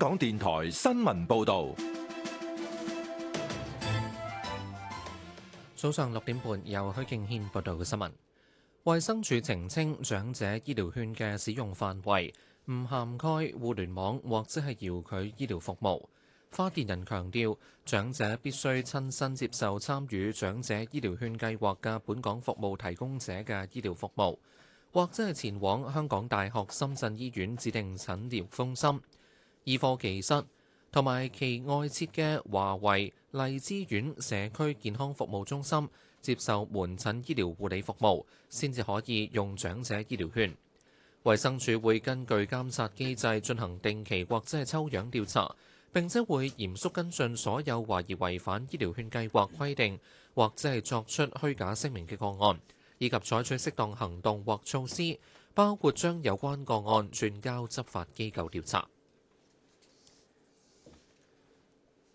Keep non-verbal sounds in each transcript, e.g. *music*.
港電台新聞報道，早上六點半由許敬軒報道嘅新聞。衛生署澄清，長者醫療券嘅使用範圍唔涵蓋互聯網或者係遙距醫療服務。發言人強調，長者必須親身接受參與長者醫療券計劃嘅本港服務提供者嘅醫療服務，或者係前往香港大學深圳醫院指定診療中心。醫科技室同埋其外設嘅華為荔枝苑社區健康服務中心接受門診醫療護理服務，先至可以用長者醫療券。衛生署會根據監察機制進行定期或者係抽樣調查，並且會嚴肅跟進所有懷疑違反醫療券計劃規定或者係作出虛假聲明嘅個案，以及採取適當行動或措施，包括將有關個案轉交執法機構調查。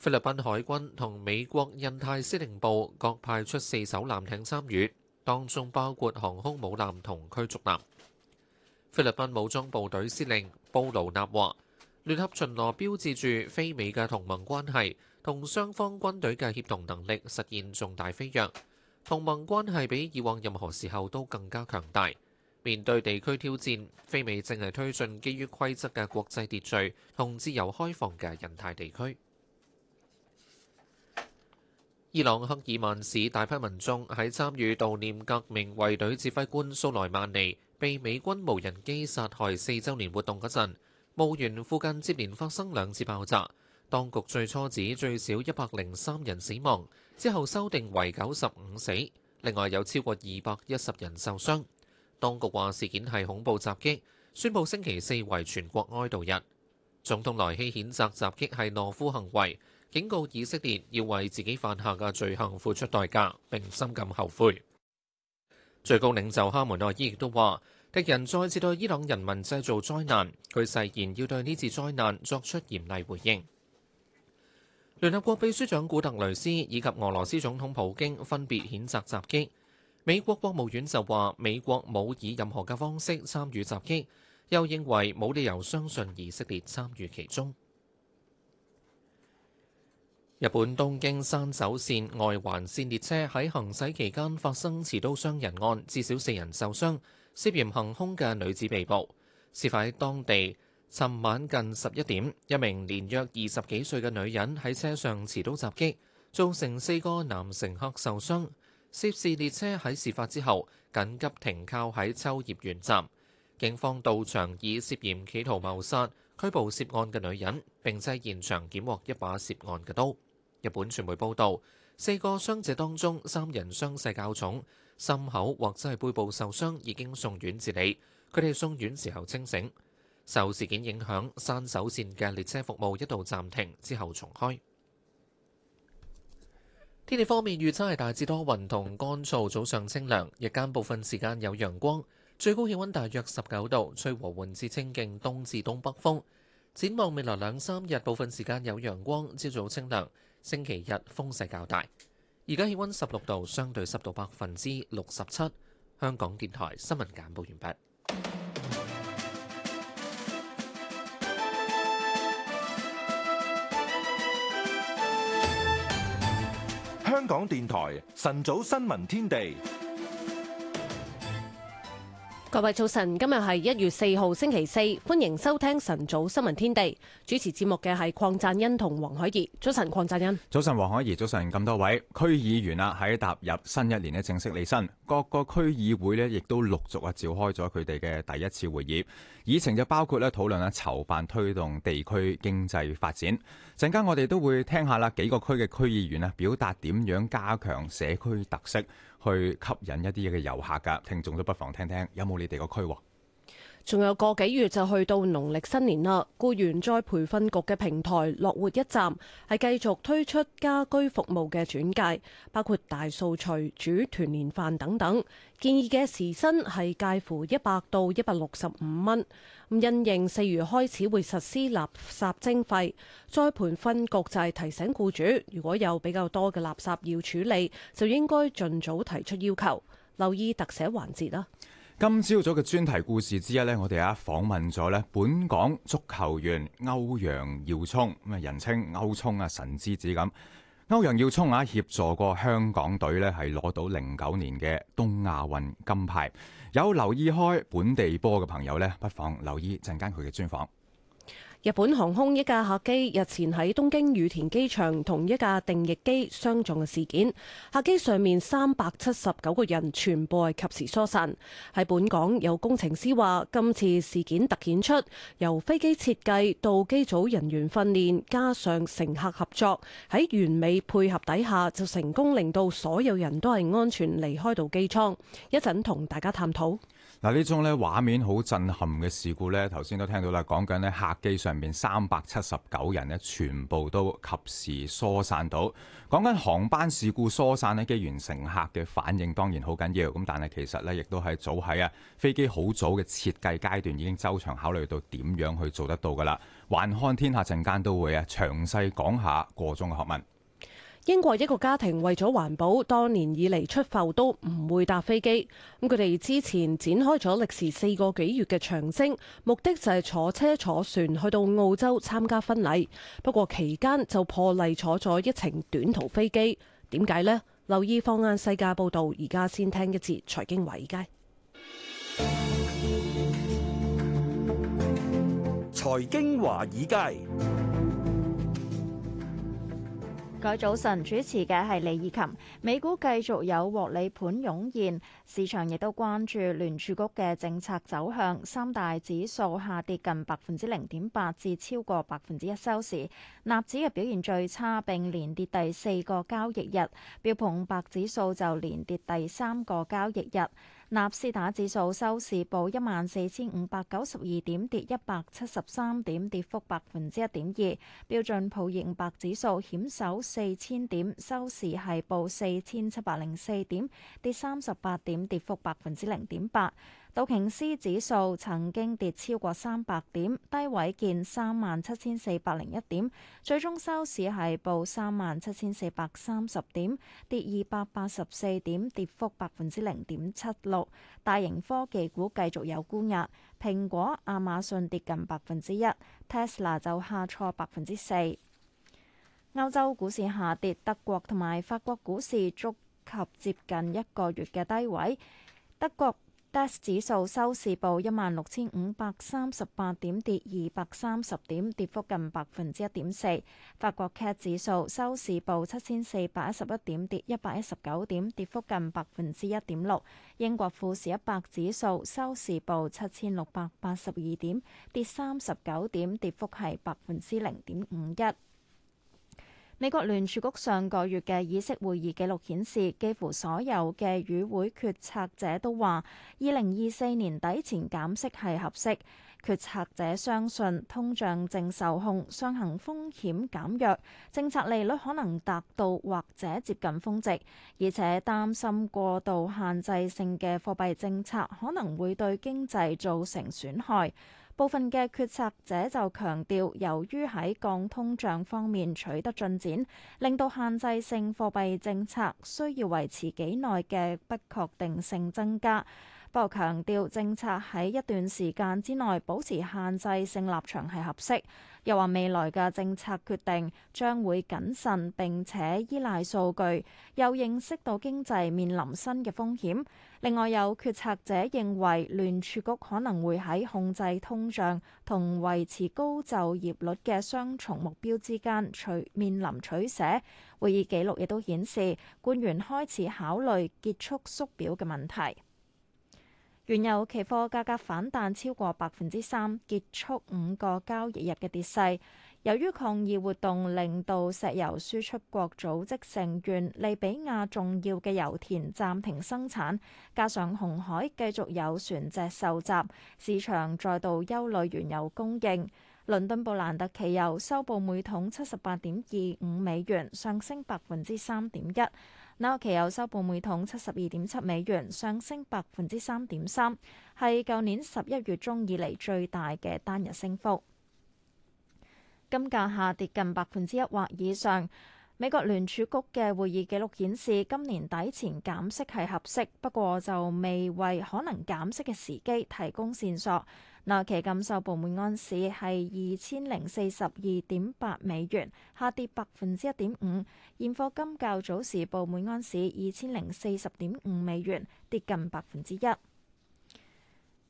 菲律賓海軍同美國印太司令部各派出四艘艦艇參與，當中包括航空母艦同驅逐艦。菲律賓武裝部隊司令布魯納話，聯合巡邏標誌住菲美嘅同盟關係同雙方軍隊嘅協同能力實現重大飛躍。同盟關係比以往任何時候都更加強大。面對地區挑戰，菲美正係推進基於規則嘅國際秩序同自由開放嘅印太地區。伊朗克爾曼市大批民眾喺參與悼念革命衛隊指揮官蘇萊曼尼被美軍無人機殺害四周年活動嗰陣，墓園附近接連發生兩次爆炸。當局最初指最少一百零三人死亡，之後修訂為九十五死，另外有超過二百一十人受傷。當局話事件係恐怖襲擊，宣布星期四為全國哀悼日。總統萊希譴責襲擊係懦夫行為。警告以色列要為自己犯下嘅罪行付出代價，並深感後悔。最高領袖哈梅內伊亦都話：敵人再次對伊朗人民製造災難，佢誓言要對呢次災難作出嚴厲回應。聯合國秘書長古特雷斯以及俄羅斯總統普京分別譴責襲擊。美國國務院就話：美國冇以任何嘅方式參與襲擊，又認為冇理由相信以色列參與其中。日本東京山手線外環線列車喺行駛期間發生持刀傷人案，至少四人受傷，涉嫌行凶嘅女子被捕。事發喺當地尋晚近十一點，一名年約二十幾歲嘅女人喺車上持刀襲擊，造成四個男乘客受傷。涉事列車喺事發之後緊急停靠喺秋葉原站，警方到場以涉嫌企圖謀殺拘捕涉案嘅女人，並且現場檢獲一把涉案嘅刀。日本傳媒報道，四個傷者當中三人傷勢較重，心口或者係背部受傷，已經送院治理。佢哋送院時候清醒。受事件影響，山手線嘅列車服務一度暫停，之後重開。天氣方面預測係大致多雲同乾燥，早上清涼，日間部分時間有陽光，最高氣温大約十九度，吹和緩至清勁，東至東北風。展望未來兩三日，部分時間有陽光，朝早清涼。星期日風勢較大，而家氣溫十六度，相對濕度百分之六十七。香港電台新聞簡報完畢。香港電台晨早新聞天地。各位早晨，今日係一月四號星期四，歡迎收聽晨早新聞天地。主持節目嘅係鄺贊恩同黃海怡。早晨，鄺贊恩早。早晨，黃海怡。早晨，咁多位區議員啊，喺踏入新一年咧正式離任，各個區議會咧亦都陸續啊召開咗佢哋嘅第一次會議，議程就包括咧討論啊籌辦推動地區經濟發展。陣間我哋都會聽下啦，幾個區嘅區議員啊，表達點樣加強社區特色。去吸引一啲嘅遊客㗎，聽眾都不妨聽聽，有冇你哋個區域？仲有個幾月就去到農曆新年啦，僱員再培訓局嘅平台「樂活」一站，係繼續推出家居服務嘅轉介，包括大掃除、煮團年飯等等。建議嘅時薪係介乎一百到一百六十五蚊。咁因應四月開始會實施垃圾徵費，再培訓局就係提醒僱主，如果有比較多嘅垃圾要處理，就應該盡早提出要求，留意特寫環節啦。今朝早嘅專題故事之一呢，我哋啊訪問咗呢，本港足球員歐陽耀聰，咁啊人稱歐聰啊神之子咁。歐陽耀聰啊協助過香港隊呢係攞到零九年嘅東亞運金牌，有留意開本地波嘅朋友呢，不妨留意陣間佢嘅專訪。日本航空一架客機日前喺東京羽田機場同一架定翼機相撞嘅事件，客機上面三百七十九個人全部係及時疏散。喺本港有工程師話，今次事件突顯出由飛機設計到機組人員訓練，加上乘客合作喺完美配合底下就成功令到所有人都係安全離開到機艙。一陣同大家探討。嗱呢種咧畫面好震撼嘅事故呢頭先都聽到啦，講緊咧客機上面三百七十九人呢全部都及時疏散到。講緊航班事故疏散呢機員乘客嘅反應當然好緊要。咁但係其實呢，亦都係早喺啊飛機好早嘅設計階段已經周詳考慮到點樣去做得到噶啦。環看天下陣間都會啊，詳細講下個中嘅學問。英國一個家庭為咗環保，多年以嚟出埠都唔會搭飛機。咁佢哋之前展開咗歷時四個幾月嘅長征，目的就係坐車坐船去到澳洲參加婚禮。不過期間就破例坐咗一程短途飛機。點解呢？留意放眼世界報道，而家先聽一節財經華爾街。財經華爾街。各位早晨，主持嘅係李以琴。美股繼續有獲利盤湧現，市場亦都關注聯儲局嘅政策走向。三大指數下跌近百分之零點八，至超過百分之一收市。納指嘅表現最差，並連跌第四個交易日。標普五百指數就連跌第三個交易日。納斯達指數收市報一萬四千五百九十二點，跌一百七十三點，跌幅百分之一點二。標準普爾五百指數險守四千點，收市係報四千七百零四點，跌三十八點，跌幅百分之零點八。道瓊斯指數曾經跌超過三百點，低位見三萬七千四百零一點，最終收市係報三萬七千四百三十點，跌二百八十四點，跌幅百分之零點七六。大型科技股繼續有沽壓，蘋果、亞馬遜跌近百分之一，Tesla 就下挫百分之四。歐洲股市下跌，德國同埋法國股市觸及接近一個月嘅低位，德國。d 德指數收市報一萬六千五百三十八點，跌二百三十點，跌幅近百分之一點四。法國 CAC 指數收市報七千四百一十一點，跌一百一十九點，跌幅近百分之一點六。英國富時一百指數收市報七千六百八十二點，跌三十九點，跌幅係百分之零點五一。美國聯儲局上個月嘅議息會議記錄顯示，幾乎所有嘅與會決策者都話，二零二四年底前減息係合適。決策者相信通脹正受控，上行風險減弱，政策利率可能達到或者接近峰值，而且擔心過度限制性嘅貨幣政策可能會對經濟造成損害。部分嘅決策者就強調，由於喺降通脹方面取得進展，令到限制性貨幣政策需要維持幾耐嘅不確定性增加。不過，強調政策喺一段時間之內保持限制性立場係合適，又話未來嘅政策決定將會謹慎並且依賴數據。又認識到經濟面臨新嘅風險。另外，有決策者認為聯儲局可能會喺控制通脹同維持高就業率嘅雙重目標之間，取面臨取捨。會議記錄亦都顯示官員開始考慮結束縮表嘅問題。原油期貨價格反彈超過百分之三，結束五個交易日嘅跌勢。由於抗議活動令到石油輸出國組織成員利比亞重要嘅油田暫停生產，加上紅海繼續有船隻受襲，市場再度憂慮原油供應。倫敦布蘭特期油收報每桶七十八點二五美元，上升百分之三點一。紐期油收報每桶七十二點七美元，上升百分之三點三，係舊年十一月中以嚟最大嘅單日升幅。金價下跌近百分之一或以上。美國聯儲局嘅會議紀錄顯示，今年底前減息係合適，不過就未為可能減息嘅時機提供線索。嗱，期金收報每安士係二千零四十二點八美元，下跌百分之一點五。現貨金較早時報每安士二千零四十點五美元，跌近百分之一。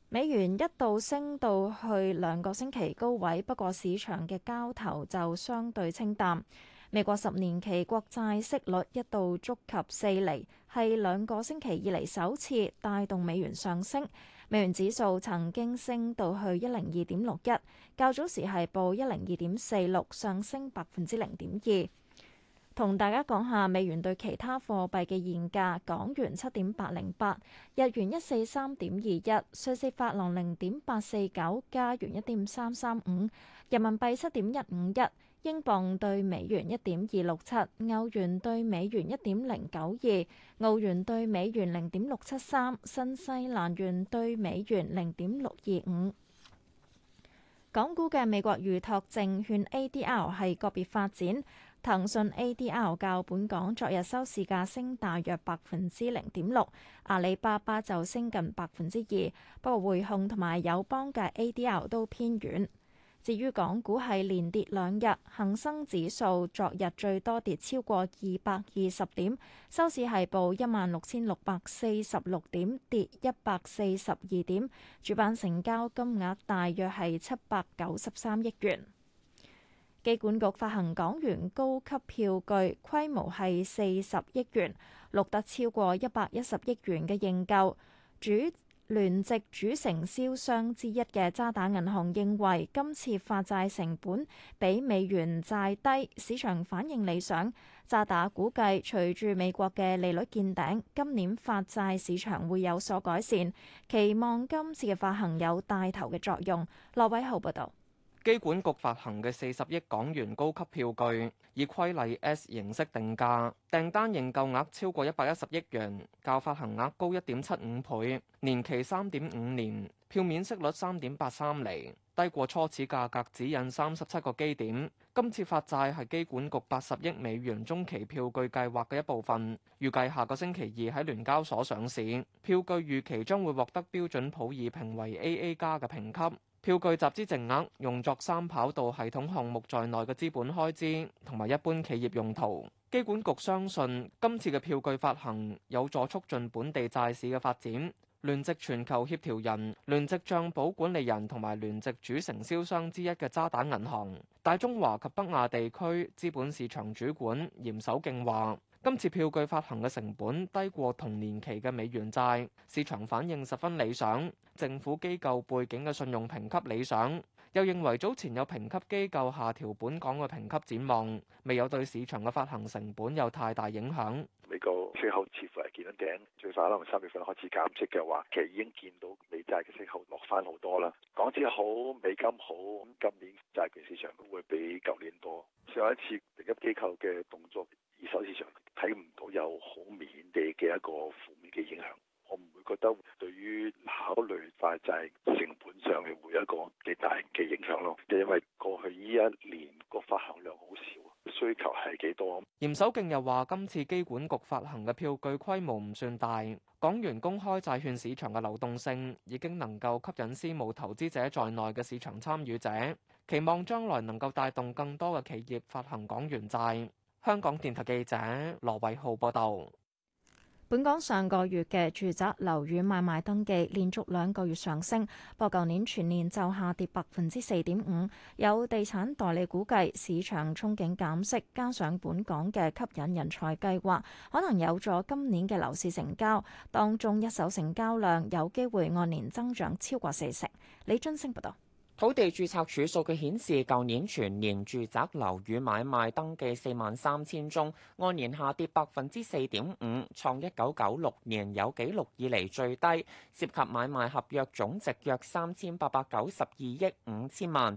美元一度升到去兩個星期高位，不過市場嘅交投就相對清淡。美國十年期國債息率一度觸及四厘，係兩個星期以嚟首次帶動美元上升。美元指數曾經升到去一零二點六一，較早時係報一零二點四六，上升百分之零點二。同大家講下美元對其他貨幣嘅現價：港元七點八零八，日元一四三點二一，瑞士法郎零點八四九，加元一點三三五，人民幣七點一五一。英鎊兌美元一點二六七，歐元兌美元一點零九二，澳元兌美元零點六七三，新西蘭元兌美元零點六二五。港股嘅美國預託證券 A D R 係個別發展，騰訊 A D R 較本港昨日收市價升大約百分之零點六，阿里巴巴就升近百分之二，不過匯控同埋友邦嘅 A D R 都偏軟。至於港股係連跌兩日，恒生指數昨日最多跌超過二百二十點，收市係報一萬六千六百四十六點，跌一百四十二點。主板成交金額大約係七百九十三億元。機管局發行港元高級票據，規模係四十億元，錄得超過一百一十億元嘅認購。主聯席主承銷商之一嘅渣打銀行認為，今次發債成本比美元債低，市場反應理想。渣打估計，隨住美國嘅利率見頂，今年發債市場會有所改善，期望今次嘅發行有帶頭嘅作用。羅偉浩報導，機管局發行嘅四十億港元高級票據，以規例 S 形式定價，訂單認購額超過一百一十億元，較發行額高一點七五倍，年期三點五年，票面息率三點八三厘，低過初始價格指引三十七個基點。今次發債係機管局八十億美元中期票據計劃嘅一部分，預計下個星期二喺聯交所上市，票據預期將會獲得標準普爾評為 AA 加嘅評級。票據集資淨額用作三跑道系統項目在內嘅資本開支同埋一般企業用途。機管局相信今次嘅票據發行有助促進本地債市嘅發展。聯席全球協調人、聯席帳簿管理人同埋聯席主承銷商之一嘅渣打銀行大中華及北亞地區資本市場主管嚴守敬話。今次票據發行嘅成本低過同年期嘅美元債，市場反應十分理想。政府機構背景嘅信用評級理想，又認為早前有評級機構下調本港嘅評級展望，未有對市場嘅發行成本有太大影響。美國息口似乎係見到頂，最快可能三月份開始減息嘅話，其實已經見到美債嘅息口落翻好多啦。港紙好，美金好，咁今年債券市場會比舊年多。上一次評級機構嘅動作，二手市場，睇唔到有好明顯地嘅一個負面嘅影響，我唔會覺得對於考慮發債成本上嘅會有一個幾大嘅影響咯。因為過去呢一年個發行量好少，需求係幾多？嚴守敬又話：今次機管局發行嘅票據規模唔算大，港元公開債券市場嘅流動性已經能夠吸引私募投資者在內嘅市場參與者，期望將來能夠帶動更多嘅企業發行港元債。香港電台記者羅偉浩報道。本港上個月嘅住宅樓宇買賣登記連續兩個月上升，不過舊年全年就下跌百分之四點五。有地產代理估計，市場憧憬減息，加上本港嘅吸引人才計劃，可能有助今年嘅樓市成交，當中一手成交量有機會按年增長超過四成。李津升報道。土地註冊處數據顯示，舊年全年住宅樓宇買賣登記四萬三千宗，按年下跌百分之四點五，創一九九六年有紀錄以嚟最低，涉及買賣合約總值約三千八百九十二億五千萬。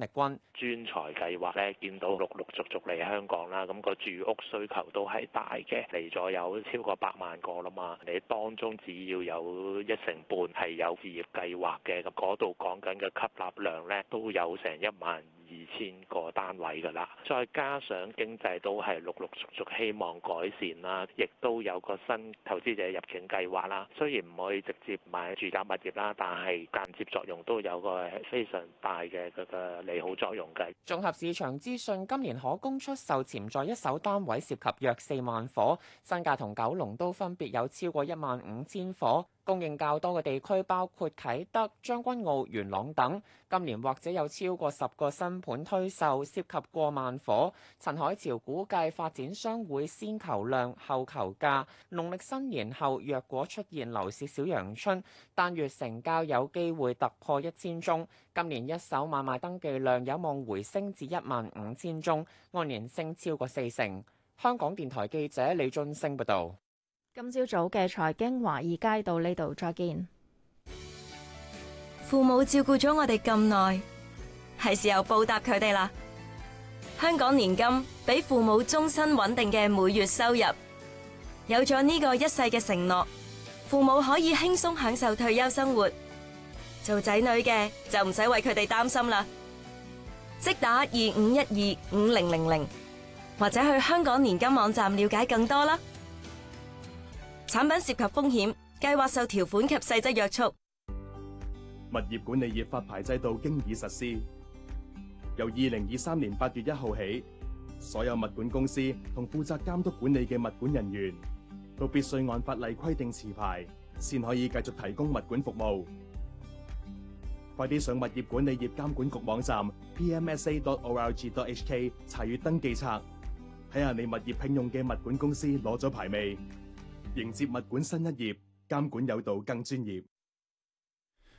力軍專才計劃咧，見到陸陸續續嚟香港啦，咁個住屋需求都係大嘅，嚟咗有超過百萬個啦嘛。你當中只要有一成半係有置業計劃嘅，咁嗰度講緊嘅吸納量咧，都有成一萬。二千個單位㗎啦，再加上經濟都係陸陸續續希望改善啦，亦都有個新投資者入境計劃啦。雖然唔可以直接買住宅物業啦，但係間接作用都有個非常大嘅嗰個利好作用㗎。綜合市場資訊，今年可供出售潛在一手單位涉及約四萬伙，新界同九龍都分別有超過一萬五千伙。供應較多嘅地區包括啟德、將軍澳、元朗等。今年或者有超過十個新盤推售，涉及過萬伙。陳海潮估計發展商會先求量後求價。農曆新年後若果出現樓市小陽春，單月成交有機會突破一千宗。今年一手買賣登記量有望回升至一萬五千宗，按年升超過四成。香港電台記者李俊升報導。今朝早嘅財經華爾街到呢度再見。父母照顧咗我哋咁耐，係時候報答佢哋啦。香港年金俾父母終身穩定嘅每月收入，有咗呢個一世嘅承諾，父母可以輕鬆享受退休生活，做仔女嘅就唔使為佢哋擔心啦。即打二五一二五零零零，或者去香港年金網站了解更多啦。產品涉及風險，計劃受條款及細則約束。物業管理業發牌制度經已實施，由二零二三年八月一號起，所有物管公司同負責監督管理嘅物管人員都必須按法例規定持牌，先可以繼續提供物管服務。快啲上物業管理業監管局網站 pmsa.org.hk 查閱登記冊，睇下你物業聘用嘅物管公司攞咗牌未？迎接物管新一頁，監管有道更專業。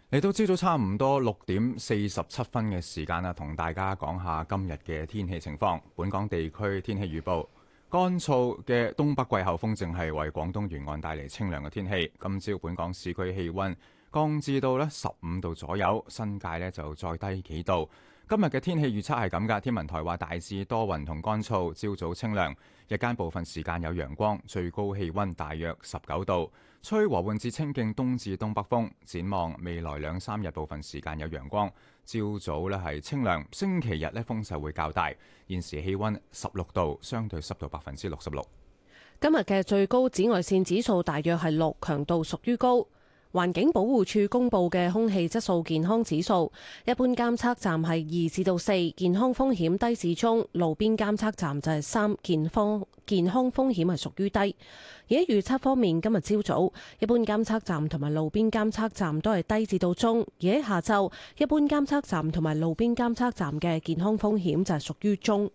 嚟到朝早差唔多六點四十七分嘅時間啦，同大家講下今日嘅天氣情況。本港地區天氣預報，乾燥嘅東北季候風正係為廣東沿岸帶嚟清涼嘅天氣。今朝本港市區氣溫降至到咧十五度左右，新界咧就再低幾度。今日嘅天氣預測係咁噶，天文台話大致多雲同乾燥，朝早清涼。日間部分時間有陽光，最高氣溫大約十九度，吹和緩至清勁東至東北風。展望未來兩三日部分時間有陽光，朝早呢係清涼。星期日呢風勢會較大。現時氣溫十六度，相對濕度百分之六十六。今日嘅最高紫外線指數大約係六，強度屬於高。環境保護署公布嘅空氣質素健康指數，一般監測站係二至到四，健康風險低至中；路邊監測站就係三，健方健康風險係屬於低。而喺預測方面，今日朝早一般監測站同埋路邊監測站都係低至到中；而喺下晝，一般監測站同埋路邊監測站嘅健康風險就係屬於中。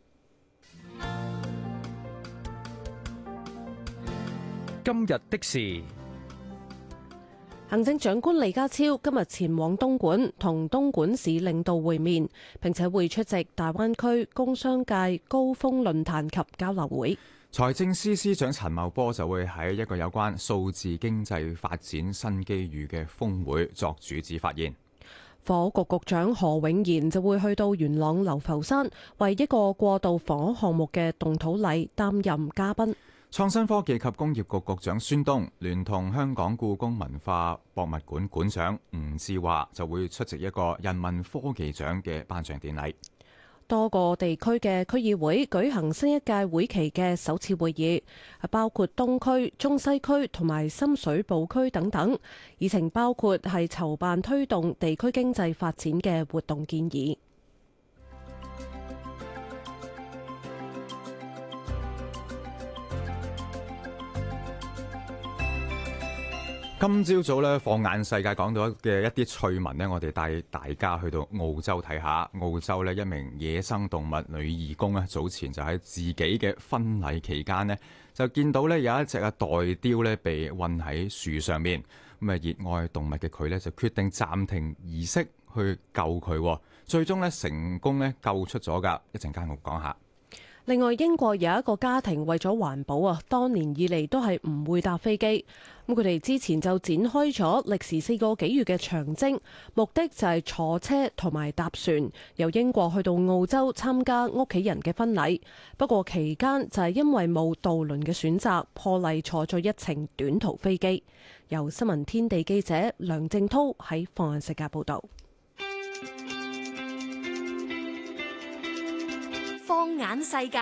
今日的事。行政長官李家超今日前往東莞，同東莞市領導會面，並且會出席大灣區工商界高峰論壇及交流會。財政司司,司長陳茂波就會喺一個有關數字經濟發展新機遇嘅峰會作主旨發言。房屋局局長何永賢就會去到元朗流浮山，為一個過渡房屋項目嘅動土禮擔任嘉賓。創新科技及工業局局長孫東，聯同香港故宮文化博物館館長吳志華就會出席一個人民科技獎嘅頒獎典禮。多個地區嘅區議會舉行新一屆會期嘅首次會議，包括東區、中西區同埋深水埗區等等，議程包括係籌辦推動地區經濟發展嘅活動建議。今朝早咧，放眼世界講到嘅一啲趣聞呢，我哋帶大家去到澳洲睇下。澳洲呢，一名野生動物女義工咧，早前就喺自己嘅婚禮期間呢，就見到呢有一隻啊袋雕呢被困喺樹上面咁啊，熱愛動物嘅佢呢，就決定暫停儀式去救佢，最終呢，成功呢救出咗㗎。一陣間我講下。另外，英國有一個家庭為咗環保啊，多年以嚟都係唔會搭飛機。咁佢哋之前就展開咗歷時四個幾月嘅長征，目的就係坐車同埋搭船由英國去到澳洲參加屋企人嘅婚禮。不過期間就係因為冇渡輪嘅選擇，破例坐咗一程短途飛機。由新聞天地記者梁正濤喺放眼世界報導。放眼世界，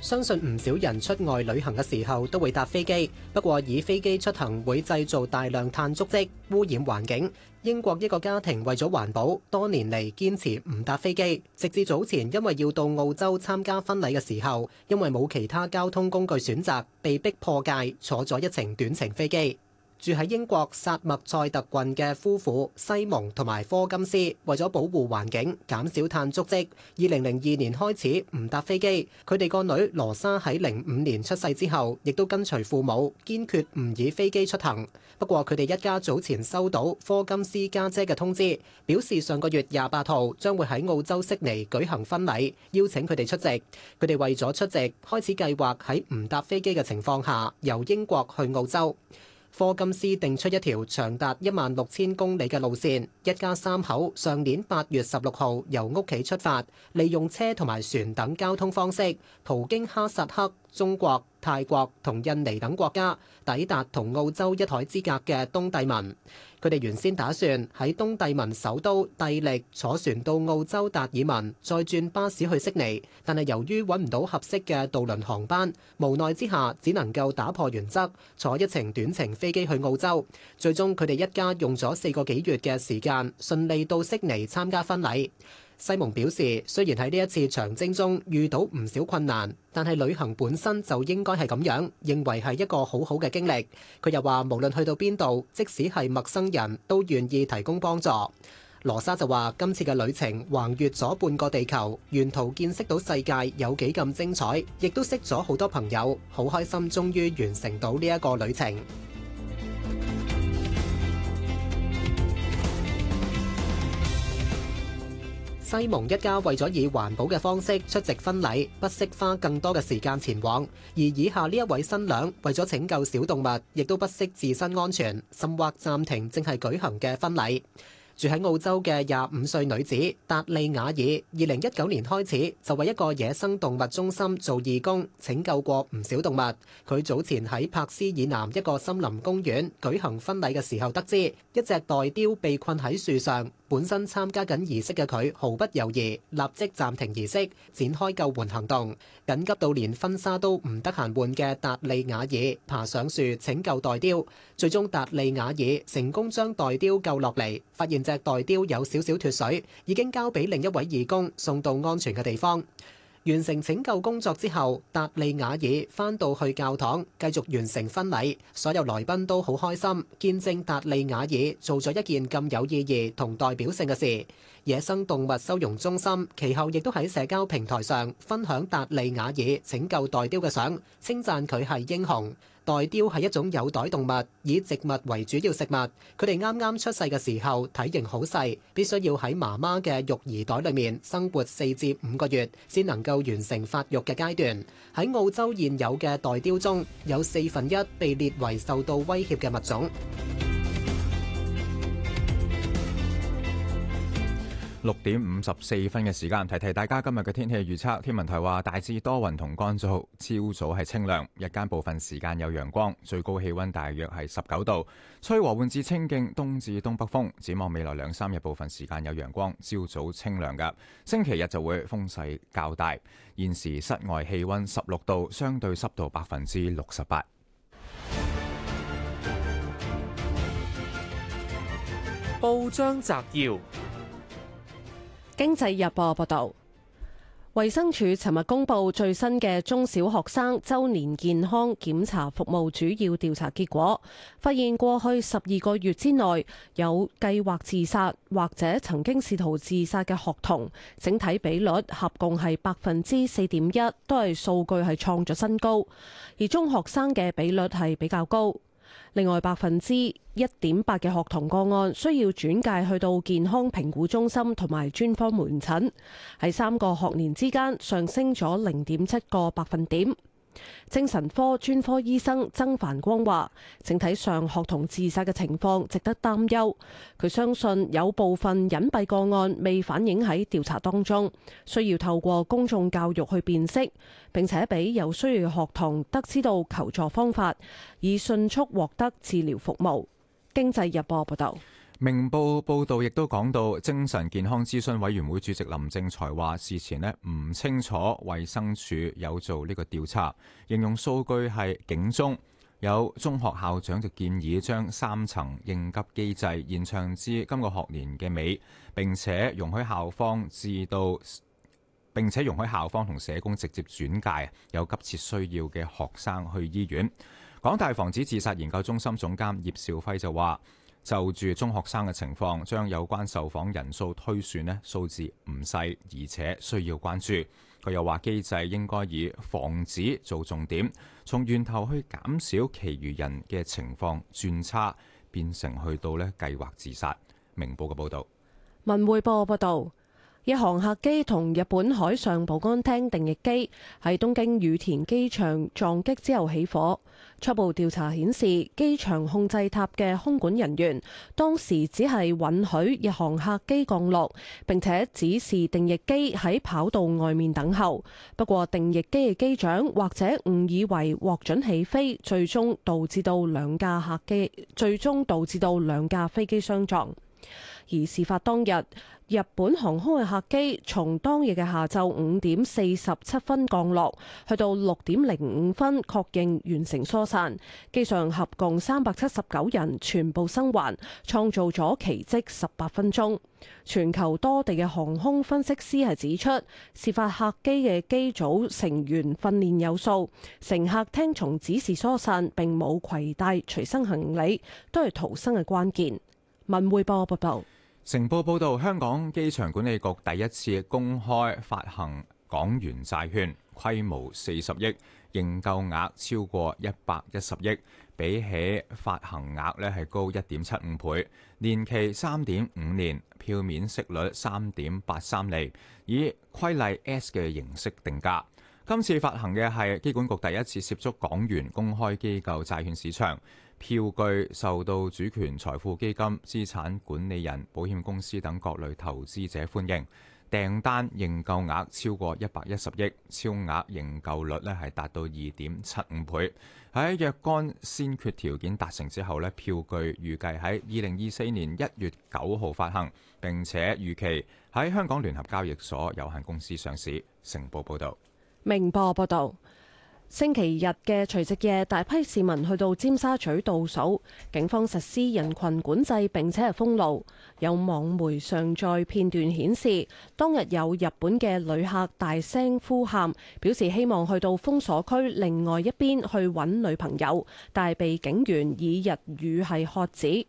相信唔少人出外旅行嘅時候都會搭飛機。不過以飛機出行會製造大量碳足跡，污染環境。英國一個家庭為咗環保，多年嚟堅持唔搭飛機。直至早前，因為要到澳洲參加婚禮嘅時候，因為冇其他交通工具選擇，被迫破戒坐咗一程短程飛機。住喺英國薩默塞特郡嘅夫婦西蒙同埋科金斯，為咗保護環境，減少碳足跡，二零零二年開始唔搭飛機。佢哋個女羅莎喺零五年出世之後，亦都跟隨父母堅決唔以飛機出行。不過佢哋一家早前收到科金斯家姐嘅通知，表示上個月廿八號將會喺澳洲悉尼舉行婚禮，邀請佢哋出席。佢哋為咗出席，開始計劃喺唔搭飛機嘅情況下，由英國去澳洲。科金斯定出一條長達一萬六千公里嘅路線，一家三口上年八月十六號由屋企出發，利用車同埋船等交通方式，途經哈薩克、中國、泰國同印尼等國家，抵達同澳洲一海之隔嘅東帝汶。佢哋原先打算喺東帝汶首都帝力坐船到澳洲達爾文，再轉巴士去悉尼。但係由於揾唔到合適嘅渡輪航班，無奈之下只能夠打破原則，坐一程短程飛機去澳洲。最終佢哋一家用咗四個幾月嘅時間，順利到悉尼參加婚禮。西蒙表示，雖然喺呢一次長征中遇到唔少困難，但係旅行本身就應該係咁樣，認為係一個好好嘅經歷。佢又話，無論去到邊度，即使係陌生人都願意提供幫助。羅莎就話，今次嘅旅程橫越咗半個地球，沿途見識到世界有幾咁精彩，亦都識咗好多朋友，好開心，終於完成到呢一個旅程。西蒙一家為咗以環保嘅方式出席婚禮，不惜花更多嘅時間前往；而以下呢一位新娘為咗拯救小動物，亦都不惜自身安全，甚或暫停正係舉行嘅婚禮。住喺澳洲嘅廿五歲女子達利瓦爾二零一九年開始就為一個野生動物中心做義工，拯救過唔少動物。佢早前喺珀斯以南一個森林公園舉行婚禮嘅時候，得知一隻袋鵰被困喺樹上。本身參加緊儀式嘅佢毫不猶豫，立即暫停儀式，展開救援行動，緊急到連婚紗都唔得閒換嘅達利瓦爾爬上樹拯救袋鵰，最終達利瓦爾成功將袋鵰救落嚟，發現。隻代雕有少少脱水，已經交俾另一位義工送到安全嘅地方。完成拯救工作之後，達利瓦爾返到去教堂繼續完成婚禮。所有來賓都好開心，見證達利瓦爾做咗一件咁有意義同代表性嘅事。野生動物收容中心其後亦都喺社交平台上分享達利瓦爾拯救代雕嘅相，稱讚佢係英雄。袋貂係一種有袋動物，以植物為主要食物。佢哋啱啱出世嘅時候體型好細，必須要喺媽媽嘅育兒袋裡面生活四至五個月，先能夠完成發育嘅階段。喺澳洲現有嘅袋貂中，有四分一被列為受到威脅嘅物種。六點五十四分嘅時間，提提大家今日嘅天氣預測。天文台話大致多雲同乾燥，朝早係清涼，日間部分時間有陽光，最高氣溫大約係十九度，吹和緩至清勁東至東北風。展望未來兩三日部分時間有陽光，朝早清涼噶，星期日就會風勢較大。現時室外氣溫十六度，相對濕度百分之六十八。報章摘要。經濟日報報道，衛生署尋日公佈最新嘅中小學生周年健康檢查服務主要調查結果，發現過去十二個月之內有計劃自殺或者曾經試圖自殺嘅學童整體比率合共係百分之四點一，都係數據係創咗新高，而中學生嘅比率係比較高。另外，百分之一點八嘅學童個案需要轉介去到健康評估中心同埋專科門診，喺三個學年之間上升咗零點七個百分點。精神科專科醫生曾凡光話，整體上學童自殺嘅情況值得擔憂。佢相信有部分隱蔽個案未反映喺調查當中，需要透過公眾教育去辨識，並且俾有需要嘅學童得知到求助方法，以迅速獲得治療服務。經濟日報報道。明報報道亦都講到，精神健康諮詢委員會主席林正才話：事前咧，唔清楚，衛生署有做呢個調查，應用數據係警鐘。有中學校長就建議將三層應急機制延長至今個學年嘅尾，並且容許校方至到並且容許校方同社工直接轉介有急切需要嘅學生去醫院。港大防止自殺研究中心總監葉兆輝就話。就住中學生嘅情況，將有關受訪人數推算咧，數字唔細，而且需要關注。佢又話機制應該以防止做重點，從源頭去減少其餘人嘅情況轉差，變成去到咧計劃自殺。明報嘅報導。文匯報報道。日航客機同日本海上保安廳定翼機喺東京羽田機場撞擊之後起火，初步調查顯示，機場控制塔嘅空管人員當時只係允許日航客機降落，並且指示定翼機喺跑道外面等候。不過定翼機嘅機長或者誤以為獲准起飛，最終導致到兩架客機，最終導致到兩架飛機相撞。而事發當日，日本航空嘅客機從當日嘅下晝五點四十七分降落，去到六點零五分確認完成疏散，機上合共三百七十九人全部生還，創造咗奇蹟十八分鐘。全球多地嘅航空分析師係指出，事發客機嘅機組成員訓練有素，乘客聽從指示疏散，並冇攜帶隨身行李，都係逃生嘅關鍵。文匯報報道，成報報道，香港機場管理局第一次公開發行港元債券，規模四十億，認購額超過一百一十億，比起發行額呢係高一點七五倍，年期三點五年，票面息率三點八三厘，以規例 S 嘅形式定價。今次發行嘅係機管局第一次涉足港元公開機構債券市場，票據受到主權財富基金、資產管理人、保險公司等各類投資者歡迎，訂單認購額超過一百一十億，超額認購率呢係達到二點七五倍。喺若干先決條件達成之後呢，票據預計喺二零二四年一月九號發行，並且預期喺香港聯合交易所有限公司上市。成報報道。明報報道，星期日嘅除夕夜，大批市民去到尖沙咀倒數，警方實施人群管制，並且係封路。有網媒上載片段顯示，當日有日本嘅旅客大聲呼喊，表示希望去到封鎖區另外一邊去揾女朋友，但係被警員以日語係喝止。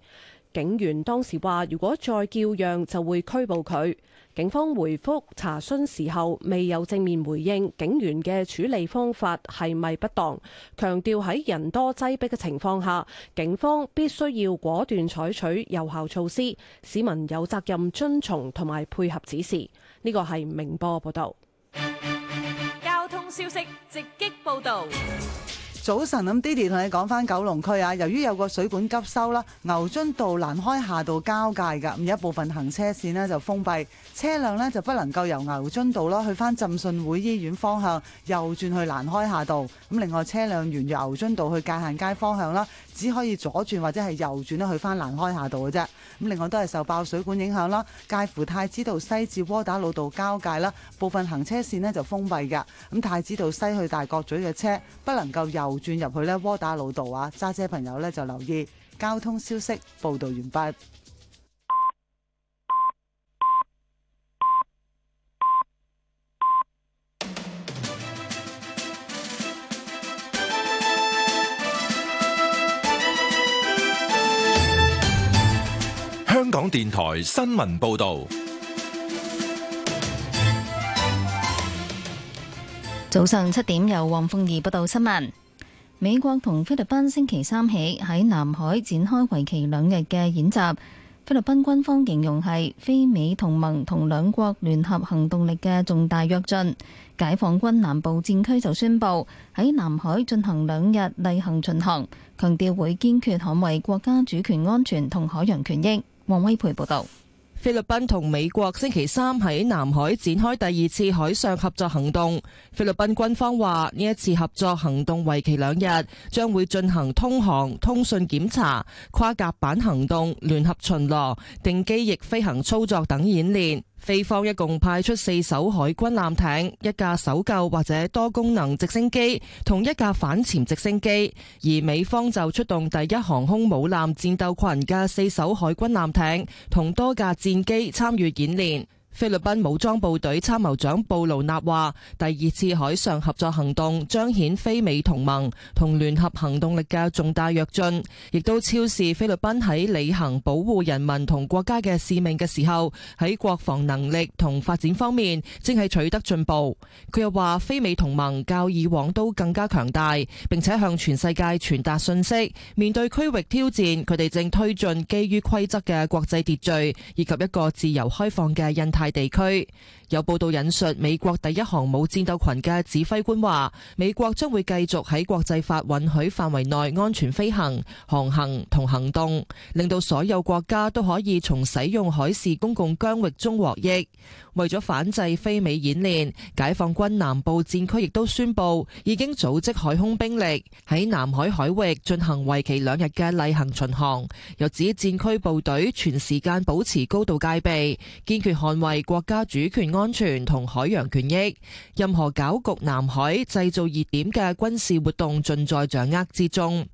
警員當時話：如果再叫讓，就會拘捕佢。警方回覆查詢時候未有正面回應，警員嘅處理方法係咪不當，強調喺人多擠迫嘅情況下，警方必須要果斷採取有效措施，市民有責任遵從同埋配合指示。呢個係明波報道。交通消息直擊報道。早晨，咁 Didi 同你講翻九龍區啊，由於有個水管急修啦，牛津道蘭開夏道交界㗎，咁有一部分行車線呢就封閉，車輛呢就不能夠由牛津道啦去翻浸信會醫院方向右轉去蘭開夏道，咁另外車輛沿住牛津道去界限街方向啦，只可以左轉或者係右轉啦去翻蘭開夏道嘅啫。咁另外都係受爆水管影響啦，介乎太子道西至窩打老道交界啦，部分行車線呢就封閉㗎。咁太子道西去大角咀嘅車不能夠右轉入去咧窩打老道啊，揸車朋友呢就留意交通消息報道完畢。香港電台新聞報道，早上七點由黃鳳儀報道新聞。美國同菲律賓星期三起喺南海展開為期兩日嘅演習，菲律賓軍方形容係非美同盟同兩國聯合行動力嘅重大躍進。解放軍南部戰區就宣布喺南海進行兩日例行巡航，強調會堅決捍衛國家主權安全同海洋權益。王威培報道。菲律賓同美國星期三喺南海展開第二次海上合作行動。菲律賓軍方話，呢一次合作行動為期兩日，將會進行通航、通訊檢查、跨甲板行動、聯合巡邏、定機翼飛行操作等演練。菲方一共派出四艘海軍艦艇、一架搜救或者多功能直升機、同一架反潛直升機，而美方就出動第一航空母艦戰鬥群嘅四艘海軍艦艇同多架戰機參與演練。菲律賓武裝部隊參謀長布勞納話：第二次海上合作行動彰顯非美同盟同聯合行動力嘅重大躍進，亦都超視菲律賓喺履行保護人民同國家嘅使命嘅時候，喺國防能力同發展方面正係取得進步。佢又話：非美同盟較以往都更加強大，並且向全世界傳達信息，面對區域挑戰，佢哋正推進基於規則嘅國際秩序以及一個自由開放嘅印太地區。有報道引述美國第一航母戰鬥群嘅指揮官話：美國將會繼續喺國際法允許範圍內安全飛行，航行同行動，令到所有國家都可以從使用海事公共疆域中獲益。為咗反制非美演練，解放軍南部戰區亦都宣布已經組織海空兵力喺南海海域進行為期兩日嘅例行巡航，又指戰區部隊全時間保持高度戒備，堅決捍衛國家主權。安全同海洋權益，任何搞局南海、製造熱點嘅軍事活動盡在掌握之中。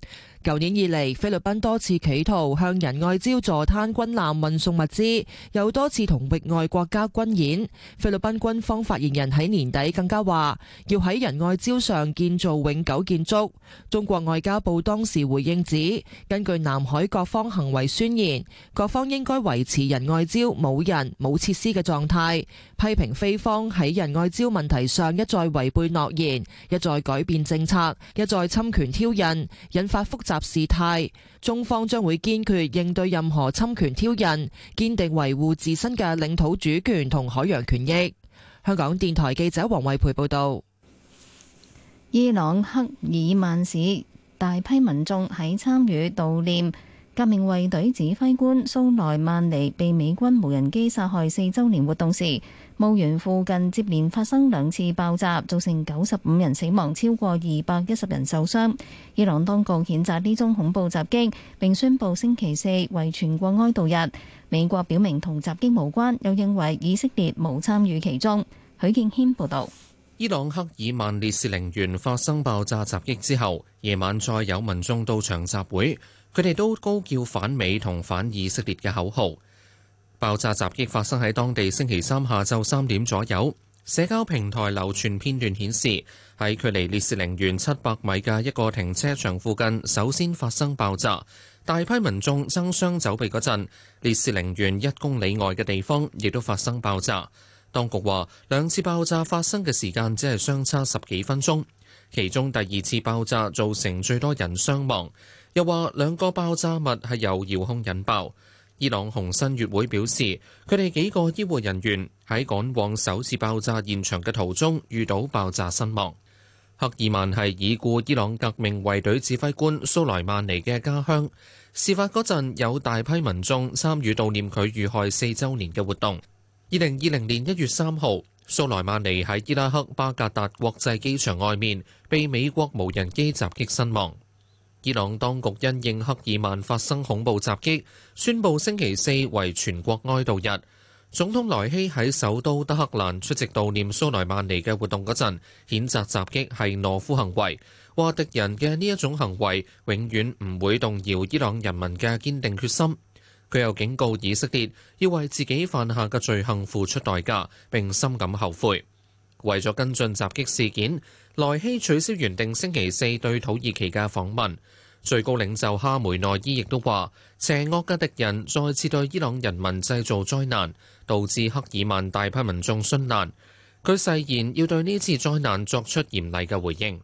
舊年以嚟，菲律賓多次企圖向仁愛礁坐灘軍艦運送物資，又多次同域外國家軍演。菲律賓軍方發言人喺年底更加話，要喺仁愛礁上建造永久建築。中國外交部當時回應指，根據南海各方行為宣言，各方應該維持仁愛礁冇人冇設施嘅狀態。批評菲方喺仁愛礁問題上一再違背諾言，一再改變政策，一再侵權挑釁，引發複雜事態。中方將會堅決應對任何侵權挑釁，堅定維護自身嘅領土主權同海洋權益。香港電台記者黃慧培報道：伊朗克爾曼市大批民眾喺參與悼念革命衛隊指揮官蘇萊曼尼被美軍無人機殺害四周年活動時。墓園附近接連發生兩次爆炸，造成九十五人死亡，超過二百一十人受傷。伊朗當局譴責呢宗恐怖襲擊，並宣佈星期四為全國哀悼日。美國表明同襲擊無關，又認為以色列冇參與其中。許建謙報道。伊朗克爾曼烈士陵園發生爆炸襲擊之後，夜晚再有民眾到場集會，佢哋都高叫反美同反以色列嘅口號。爆炸襲擊發生喺當地星期三下晝三點左右。社交平台流傳片段顯示，喺距離烈士陵園七百米嘅一個停車場附近，首先發生爆炸。大批民眾爭相走避嗰陣，烈士陵園一公里外嘅地方亦都發生爆炸。當局話，兩次爆炸發生嘅時間只係相差十幾分鐘。其中第二次爆炸造成最多人傷亡。又話兩個爆炸物係由遙控引爆。伊朗紅新月會表示，佢哋幾個醫護人員喺趕往首次爆炸現場嘅途中遇到爆炸身亡。克爾曼係已故伊朗革命衛隊指揮官蘇萊曼尼嘅家鄉。事發嗰陣有大批民眾參與悼念佢遇害四週年嘅活動。二零二零年一月三號，蘇萊曼尼喺伊拉克巴格達國際機場外面被美國無人機襲擊身亡。伊朗當局因應克爾曼發生恐怖襲擊，宣布星期四為全國哀悼日。總統萊希喺首都德黑蘭出席悼念蘇萊曼尼嘅活動嗰陣，譴責襲擊係懦夫行為，話敵人嘅呢一種行為永遠唔會動搖伊朗人民嘅堅定決心。佢又警告以色列要為自己犯下嘅罪行付出代價，並深感後悔。為咗跟進襲擊事件，萊希取消原定星期四對土耳其嘅訪問。最高領袖哈梅內伊亦都話邪惡嘅敵人再次對伊朗人民製造災難，導致克爾曼大批民眾殉難，佢誓言要對呢次災難作出嚴厲嘅回應。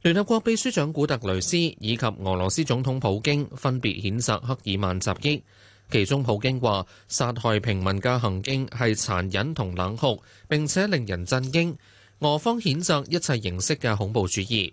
聯合國秘書長古特雷斯以及俄羅斯總統普京分別譴責克爾曼襲擊，其中普京話殺害平民嘅行徑係殘忍同冷酷，並且令人震驚，俄方譴責一切形式嘅恐怖主義。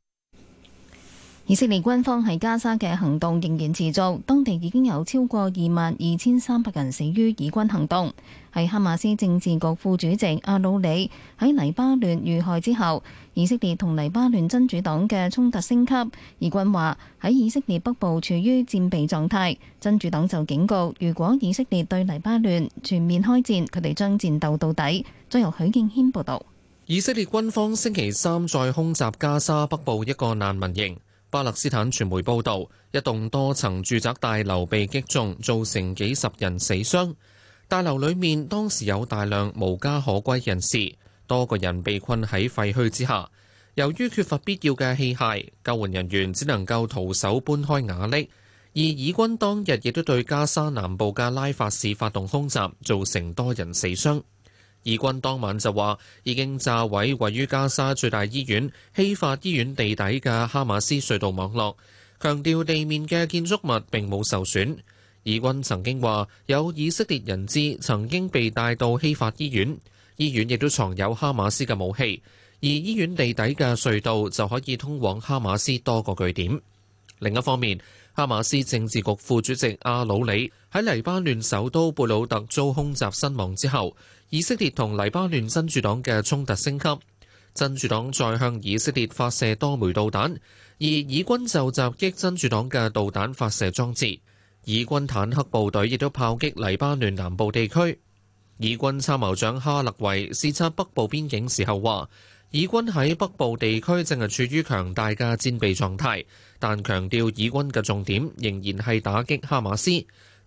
以色列軍方喺加沙嘅行動仍然持續，當地已經有超過二萬二千三百人死於以軍行動。喺哈馬斯政治局副主席阿魯里喺黎巴嫩遇害之後，以色列同黎巴嫩真主黨嘅衝突升級。以軍話喺以色列北部處於戰備狀態，真主黨就警告，如果以色列對黎巴嫩全面開戰，佢哋將戰鬥到底。再由許敬軒報導。以色列軍方星期三再空襲加沙北部一個難民營。巴勒斯坦傳媒報道，一棟多層住宅大樓被擊中，造成幾十人死傷。大樓裏面當時有大量無家可歸人士，多個人被困喺廢墟之下。由於缺乏必要嘅器械，救援人員只能夠徒手搬開瓦礫。而以軍當日亦都對加沙南部嘅拉法市發動空襲，造成多人死傷。以軍當晚就話已經炸毀位，位於加沙最大醫院希法醫院地底嘅哈馬斯隧道網絡，強調地面嘅建築物並冇受損。以軍曾經話有以色列人質曾經被帶到希法醫院，醫院亦都藏有哈馬斯嘅武器，而醫院地底嘅隧道就可以通往哈馬斯多個據點。另一方面，哈馬斯政治局副主席阿魯里喺黎巴嫩首都貝魯特遭空襲身亡之後，以色列同黎巴嫩真主黨嘅衝突升級。真主黨再向以色列發射多枚導彈，而以軍就襲擊真主黨嘅導彈發射裝置。以軍坦克部隊亦都炮擊黎巴嫩南部地區。以軍參謀長哈勒維視察北部邊境時候話：以軍喺北部地區正係處於強大嘅戰備狀態，但強調以軍嘅重點仍然係打擊哈馬斯。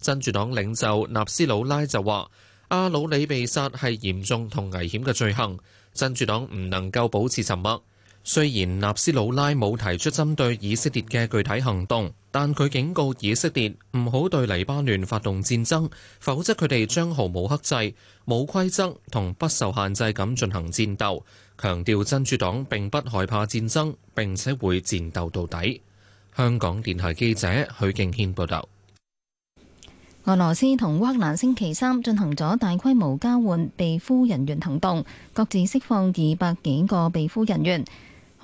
真主黨領袖納斯魯拉就話：阿魯里被殺係嚴重同危險嘅罪行，真主黨唔能夠保持沉默。雖然納斯魯拉冇提出針對以色列嘅具體行動，但佢警告以色列唔好對黎巴嫩發動戰爭，否則佢哋將毫無克制、冇規則同不受限制咁進行戰鬥。強調真主黨並不害怕戰爭，並且會戰鬥到底。香港電台記者許敬軒報道：俄羅斯同烏克蘭星期三進行咗大規模交換被俘人員行動，各自釋放二百幾個被俘人員。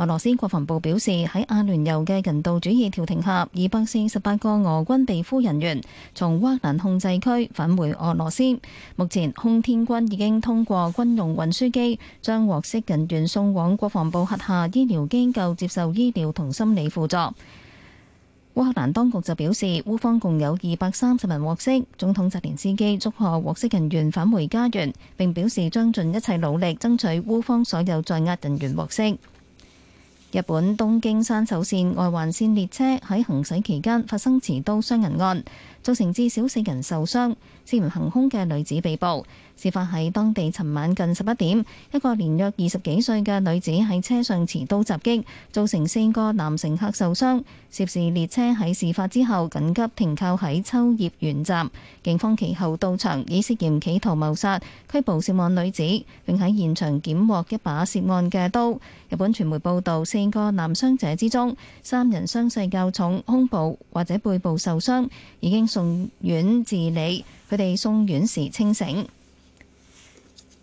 俄羅斯國防部表示，喺阿聯酋嘅人道主義調停下，二百四十八個俄軍被俘人員從烏克蘭控制區返回俄羅斯。目前，空天軍已經通過軍用運輸機將獲釋人員送往國防部轄下醫療機構接受醫療同心理輔助。烏克蘭當局就表示，烏方共有二百三十人獲釋。總統澤連斯基祝賀獲釋人員返回家園，並表示將盡一切努力爭取烏方所有在押人員獲釋。日本東京山手線外環線列車喺行駛期間發生持刀傷人案。造成至少四人受傷，涉嫌行凶嘅女子被捕。事發喺當地尋晚近十一點，一個年約二十幾歲嘅女子喺車上持刀襲擊，造成四個男乘客受傷。涉事列車喺事發之後緊急停靠喺秋葉原站，警方其後到場以涉嫌企圖謀殺拘捕涉案女子，並喺現場檢獲一把涉案嘅刀。日本傳媒報道，四個男傷者之中，三人傷勢較重，胸部或者背部受傷，已經送院治理，佢哋送院時清醒。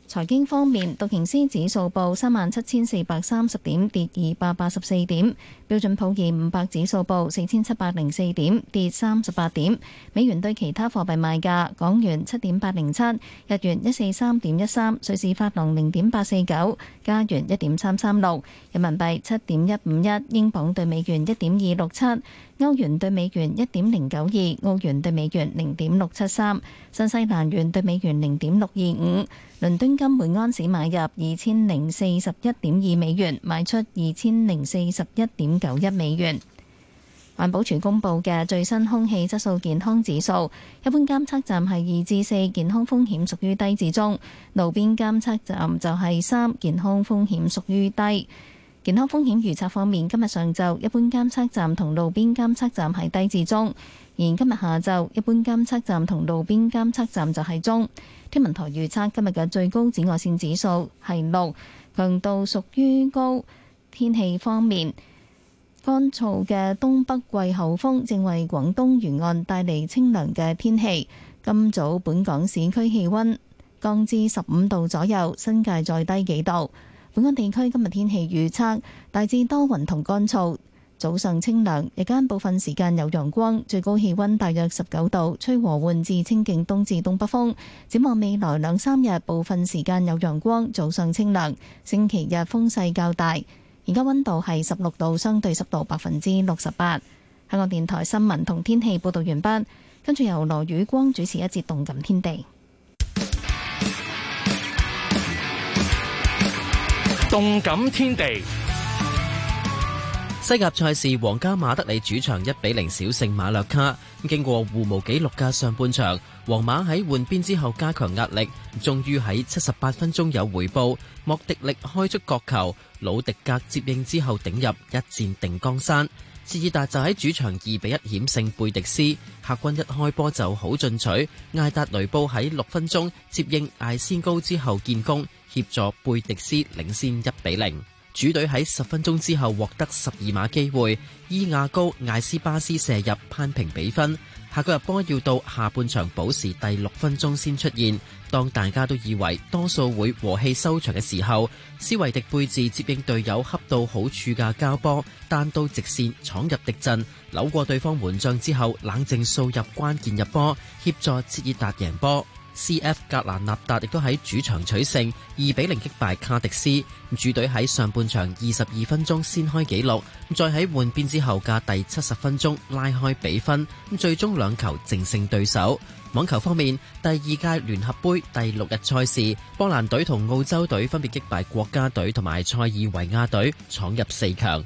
財經方面，道瓊斯指數報三萬七千四百三十點，跌二百八十四點；標準普爾五百指數報四千七百零四點，跌三十八點。美元對其他貨幣賣價：港元七點八零七，日元一四三點一三，瑞士法郎零點八四九，加元一點三三六，人民幣七點一五一，英鎊兌美元一點二六七。歐元對美元一點零九二，澳元對美元零點六七三，新西蘭元對美元零點六二五。倫敦金每安士買入二千零四十一點二美元，賣出二千零四十一點九一美元。環保署公佈嘅最新空氣質素健康指數，一般監測站係二至四，健康風險屬於低至中；路邊監測站就係三，健康風險屬於低。健康風險預測方面，今日上晝一般監測站同路邊監測站係低至中，而今日下晝一般監測站同路邊監測站就係中。天文台預測今日嘅最高紫外線指數係六，強度屬於高。天氣方面，乾燥嘅東北季候風正為廣東沿岸帶嚟清涼嘅天氣。今早本港市區氣溫降至十五度左右，新界再低幾度。本港地區今日天氣預測，大致多雲同乾燥，早上清涼，日間部分時間有陽光，最高氣溫大約十九度，吹和緩至清勁東至東北風。展望未來兩三日，部分時間有陽光，早上清涼。星期日風勢較大。而家溫度係十六度，相對濕度百分之六十八。香港電台新聞同天氣報道完畢，跟住由羅宇光主持一節《動感天地》。動感天地，西甲賽事皇家馬德里主場一比零小勝馬略卡。經過互無紀錄嘅上半場，皇馬喺換邊之後加強壓力，終於喺七十八分鐘有回報。莫迪力開出角球，魯迪格接應之後頂入，一戰定江山。切爾達就喺主場二比一險勝貝迪斯，客軍一開波就好進取。艾達雷布喺六分鐘接應艾仙高之後建功。協助貝迪斯領先一比零，主隊喺十分鐘之後獲得十二碼機會，伊亞高艾斯巴斯射入扳平比分。下個入波要到下半場補時第六分鐘先出現。當大家都以為多數會和氣收場嘅時候，斯維迪貝治接應隊友恰到好處嘅交波，單刀直線闖入敵陣，扭過對方門將之後，冷靜掃入關鍵入波，協助切爾達贏波。C.F. 格蘭納達亦都喺主場取勝，二比零擊敗卡迪斯。主隊喺上半場二十二分鐘先開紀錄，再喺換邊之後嘅第七十分鐘拉開比分，最終兩球淨勝對手。網球方面，第二屆聯合杯第六日賽事，波蘭隊同澳洲隊分別擊敗國家隊同埋塞爾維亞隊，闖入四強。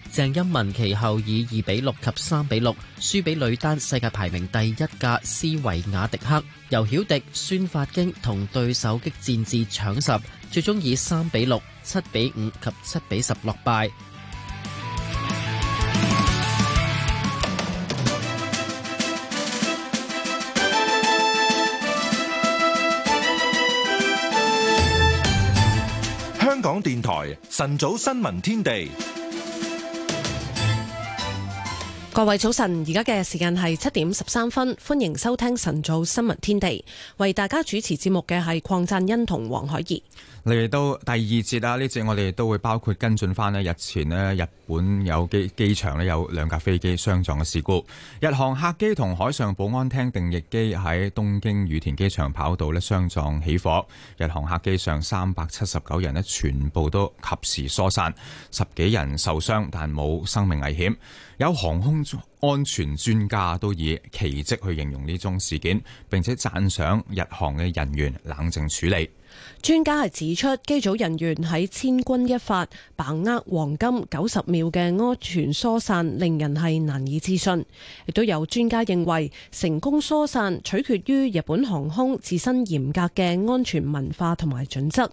鄭欽文其後以二比六及三比六輸俾女單世界排名第一嘅斯維亞迪克，由曉迪、孫發京同對手激戰至搶十，最終以三比六、七比五及七比十落敗。香港電台晨早新聞天地。各位早晨，而家嘅時間係七點十三分，歡迎收聽晨早新聞天地。為大家主持節目嘅係鄺贊恩同黃海怡。嚟到第二節啊，呢節我哋都會包括跟進翻呢日前呢日本有機機場呢有兩架飛機相撞嘅事故，日航客機同海上保安廳定翼機喺東京羽田機場跑道呢相撞起火，日航客機上三百七十九人呢全部都及時疏散，十幾人受傷，但冇生命危險。有航空安全專家都以奇蹟去形容呢宗事件，並且讚賞日航嘅人員冷靜處理。專家係指出，機組人員喺千鈞一髮把握黃金九十秒嘅安全疏散，令人係難以置信。亦都有專家認為，成功疏散取決於日本航空自身嚴格嘅安全文化同埋準則。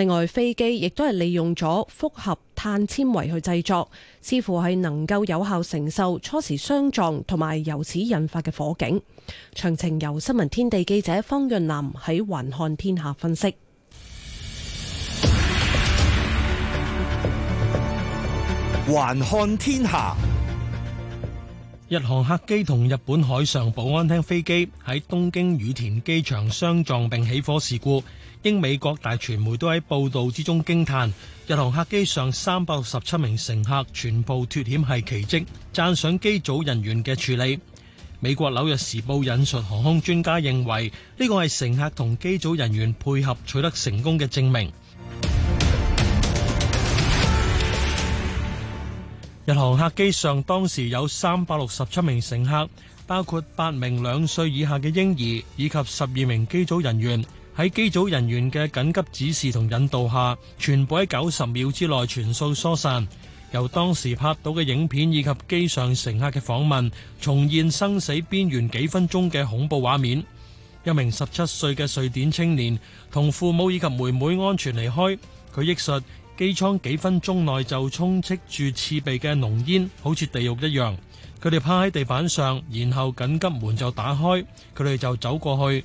另外，飛機亦都係利用咗複合碳纖維去製作，似乎係能夠有效承受初時相撞同埋由此引發嘅火警。詳情由新聞天地記者方潤南喺《環看天下》分析。環看天下，日航客機同日本海上保安廳飛機喺東京羽田機場相撞並起火事故。英、美國大傳媒都喺報道之中驚嘆，日航客機上三百六十七名乘客全部脫險係奇蹟，讚賞機組人員嘅處理。美國《紐約時報》引述航空專家認為，呢個係乘客同機組人員配合取得成功嘅證明。 *music* 日航客機上當時有三百六十七名乘客，包括八名兩歲以下嘅嬰兒以及十二名機組人員。喺機組人員嘅緊急指示同引導下，全部喺九十秒之內全數疏散。由當時拍到嘅影片以及機上乘客嘅訪問，重現生死邊緣幾分鐘嘅恐怖畫面。一名十七歲嘅瑞典青年同父母以及妹妹安全離開。佢憶述，機艙幾分鐘內就充斥住刺鼻嘅濃煙，好似地獄一樣。佢哋趴喺地板上，然後緊急門就打開，佢哋就走過去。.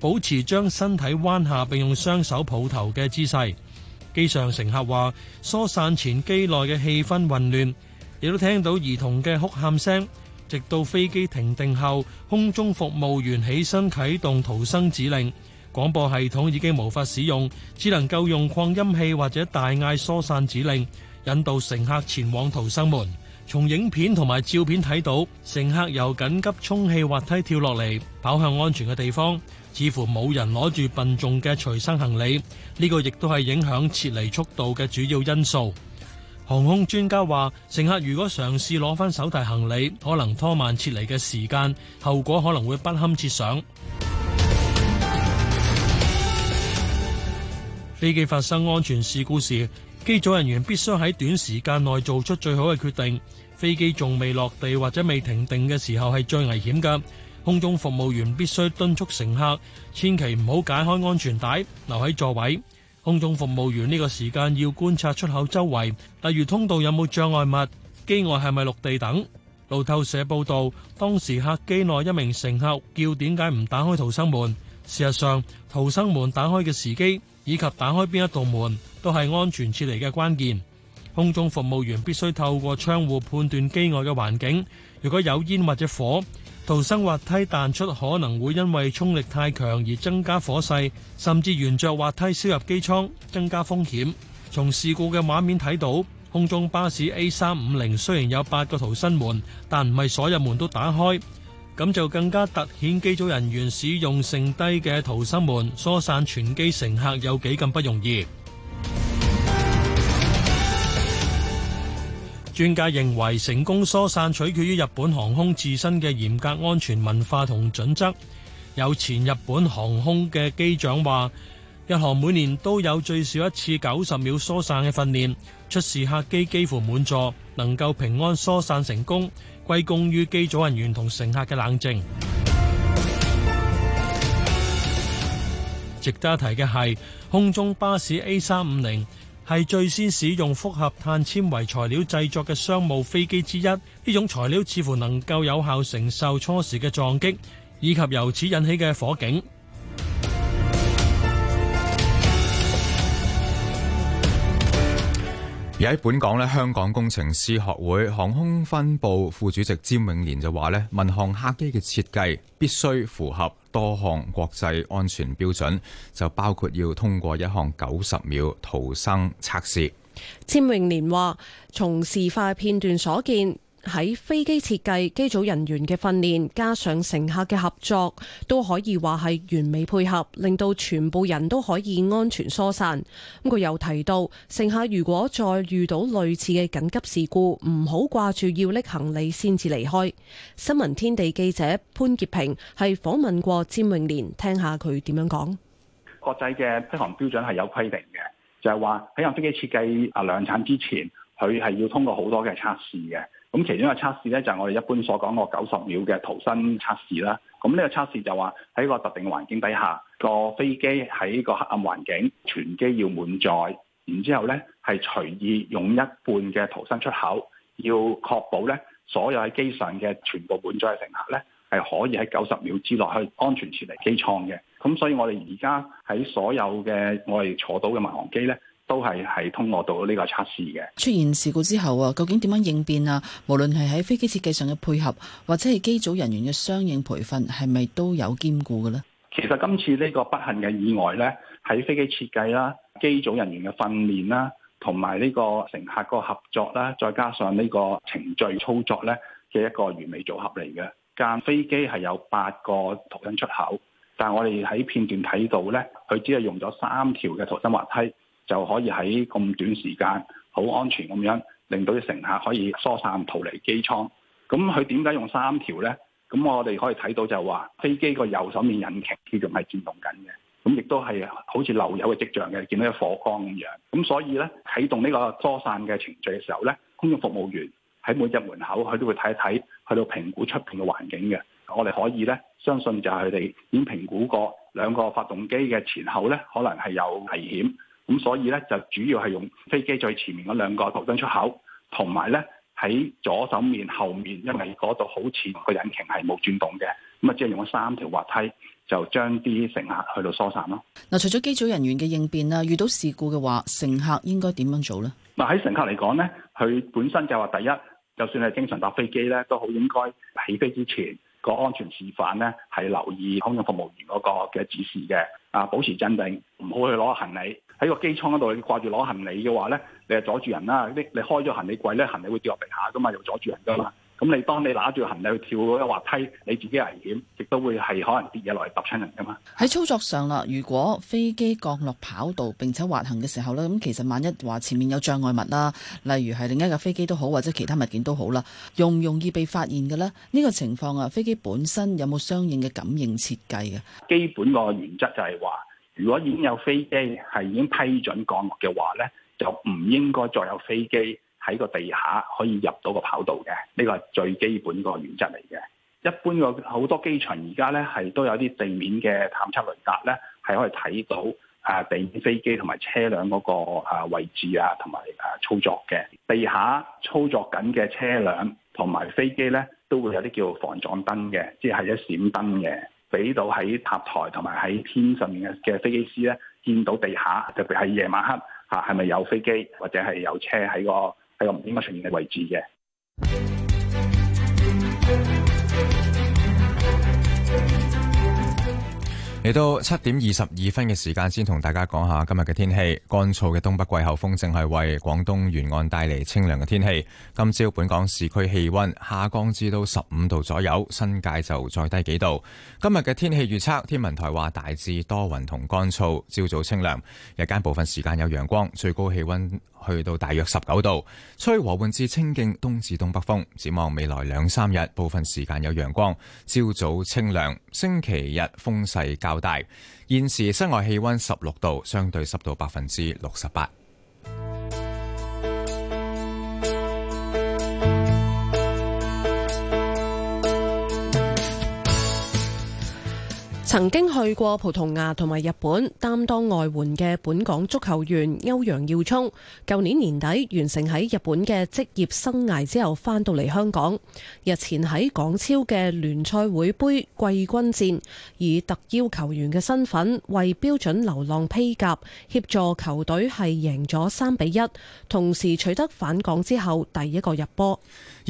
保持將身體彎下，並用雙手抱頭嘅姿勢。機上乘客話疏散前機內嘅氣氛混亂，亦都聽到兒童嘅哭喊聲。直到飛機停定後，空中服務員起身啟動逃生指令。廣播系統已經無法使用，只能夠用擴音器或者大嗌疏散指令，引導乘客前往逃生門。從影片同埋照片睇到，乘客由緊急衝氣滑梯跳落嚟，跑向安全嘅地方。似乎冇人攞住笨重嘅隨身行李，呢個亦都係影響撤離速度嘅主要因素。航空專家話，乘客如果嘗試攞翻手提行李，可能拖慢撤離嘅時間，後果可能會不堪設想。 *music* 飛機發生安全事故時，機組人員必須喺短時間內做出最好嘅決定。飛機仲未落地或者未停定嘅時候，係最危險噶。空中服務員必須敦促乘客千祈唔好解開安全帶，留喺座位。空中服務員呢個時間要觀察出口周圍，例如通道有冇障礙物、機外係咪陸地等。路透社報道，當時客機內一名乘客叫點解唔打開逃生門。事實上，逃生門打開嘅時機以及打開邊一道門都係安全撤離嘅關鍵。空中服務員必須透過窗戶判斷機外嘅環境，如果有煙或者火。逃生滑梯彈出可能會因為衝力太強而增加火勢，甚至沿着滑梯燒入機艙，增加風險。從事故嘅畫面睇到，空中巴士 A 三五零雖然有八個逃生門，但唔係所有門都打開，咁就更加突顯機組人員使用剩低嘅逃生門，疏散全機乘客有幾咁不容易。專家認為，成功疏散取決於日本航空自身嘅嚴格安全文化同準則。有前日本航空嘅機長話，日航每年都有最少一次九十秒疏散嘅訓練，出事客機幾乎滿座，能夠平安疏散成功，歸功於機組人員同乘客嘅冷靜。值得一提嘅係，空中巴士 A 三五零。係最先使用複合碳纖維材料製作嘅商務飛機之一，呢種材料似乎能夠有效承受初時嘅撞擊，以及由此引起嘅火警。而喺本港呢，香港工程師學會航空分部副主席詹永年就話呢，民航客機嘅設計必須符合多項國際安全標準，就包括要通過一項九十秒逃生測試。占榮年話：從示範片段所見。喺飛機設計、機組人員嘅訓練，加上乘客嘅合作，都可以話係完美配合，令到全部人都可以安全疏散。咁佢又提到，乘客如果再遇到類似嘅緊急事故，唔好掛住要拎行李先至離開。新聞天地記者潘潔平係訪問過詹永年，聽下佢點樣講。國際嘅飛航標準係有規定嘅，就係話喺有飛機設計啊量產之前，佢係要通過好多嘅測試嘅。咁其中一個測試咧，就係、是、我哋一般所講個九十秒嘅逃生測試啦。咁呢個測試就話喺個特定環境底下，個飛機喺個黑暗環境，全機要滿載，然之後咧係隨意用一半嘅逃生出口，要確保咧所有喺機上嘅全部滿載嘅乘客咧，係可以喺九十秒之內去安全撤離機艙嘅。咁所以我哋而家喺所有嘅我哋坐到嘅民航機咧。都係喺通過到呢個測試嘅。出現事故之後啊，究竟點樣應變啊？無論係喺飛機設計上嘅配合，或者係機組人員嘅相應培訓，係咪都有兼顧嘅咧？其實今次呢個不幸嘅意外咧，喺飛機設計啦、機組人員嘅訓練啦、同埋呢個乘客個合作啦，再加上呢個程序操作咧嘅一個完美組合嚟嘅。間飛機係有八個逃生出口，但係我哋喺片段睇到咧，佢只係用咗三條嘅逃生滑梯。就可以喺咁短時間好安全咁樣，令到啲乘客可以疏散逃離機艙。咁佢點解用三條呢？咁我哋可以睇到就話飛機個右手面引擎佢仲係轉動緊嘅，咁亦都係好似漏油嘅跡象嘅，見到啲火光咁樣。咁所以呢，啟動呢個疏散嘅程序嘅時候呢，空中服務員喺每隻門口佢都會睇一睇，去到評估出邊嘅環境嘅。我哋可以呢，相信就係佢哋已經評估過兩個發動機嘅前後呢，可能係有危險。咁、嗯、所以咧就主要係用飛機最前面嗰兩個逃生出口，同埋咧喺左手面後面，因為嗰度好似個引擎係冇轉動嘅，咁啊即係用咗三條滑梯就將啲乘客去到疏散咯。嗱，除咗機組人員嘅應變啊，遇到事故嘅話，乘客應該點樣做咧？嗱，喺乘客嚟講咧，佢本身就話第一，就算係經常搭飛機咧，都好應該起飛之前、嗰個安全示範咧，係留意空中服務員嗰個嘅指示嘅，啊保持鎮定，唔好去攞行李。喺個機艙嗰度掛住攞行李嘅話咧，你係阻住人啦！你你開咗行李櫃咧，行李會掉落地下噶嘛，又阻住人噶嘛。咁、嗯、你當你拿住行李去跳嗰個滑梯，你自己危險，亦都會係可能跌嘢落嚟揼親人噶嘛。喺操作上啦，如果飛機降落跑道並且滑行嘅時候咧，咁其實萬一話前面有障礙物啦，例如係另一架飛機都好，或者其他物件都好啦，容唔容易被發現嘅咧？呢、這個情況啊，飛機本身有冇相應嘅感應設計嘅？基本個原則就係話。如果已經有飛機係已經批准降落嘅話咧，就唔應該再有飛機喺個地下可以入到個跑道嘅。呢個係最基本個原則嚟嘅。一般個好多機場而家咧係都有啲地面嘅探測雷達咧，係可以睇到啊地面飛機同埋車輛嗰個位置啊同埋啊操作嘅地下操作緊嘅車輛同埋飛機咧都會有啲叫防撞燈嘅，即係一閃燈嘅。俾到喺塔台同埋喺天上面嘅嘅飛機師咧，見到地下，特別係夜晚黑嚇，係咪有飛機或者係有車喺個喺個唔知乜上面嘅位置嘅？嚟到七點二十二分嘅時間，先同大家講下今日嘅天氣。乾燥嘅東北季候風正係為廣東沿岸帶嚟清涼嘅天氣。今朝本港市區氣溫下降至到十五度左右，新界就再低幾度。今日嘅天氣預測，天文台話大致多雲同乾燥，朝早清涼，日間部分時間有陽光，最高氣溫。去到大約十九度，吹和緩至清勁東至東北風。展望未來兩三日，部分時間有陽光，朝早清涼。星期日風勢較大。現時室外氣溫十六度，相對濕度百分之六十八。曾經去過葡萄牙同埋日本擔當外援嘅本港足球員歐陽耀冲，舊年年底完成喺日本嘅職業生涯之後返到嚟香港，日前喺港超嘅聯賽會杯季軍戰，以特邀球員嘅身份為標準流浪披甲協助球隊係贏咗三比一，同時取得返港之後第一個入波。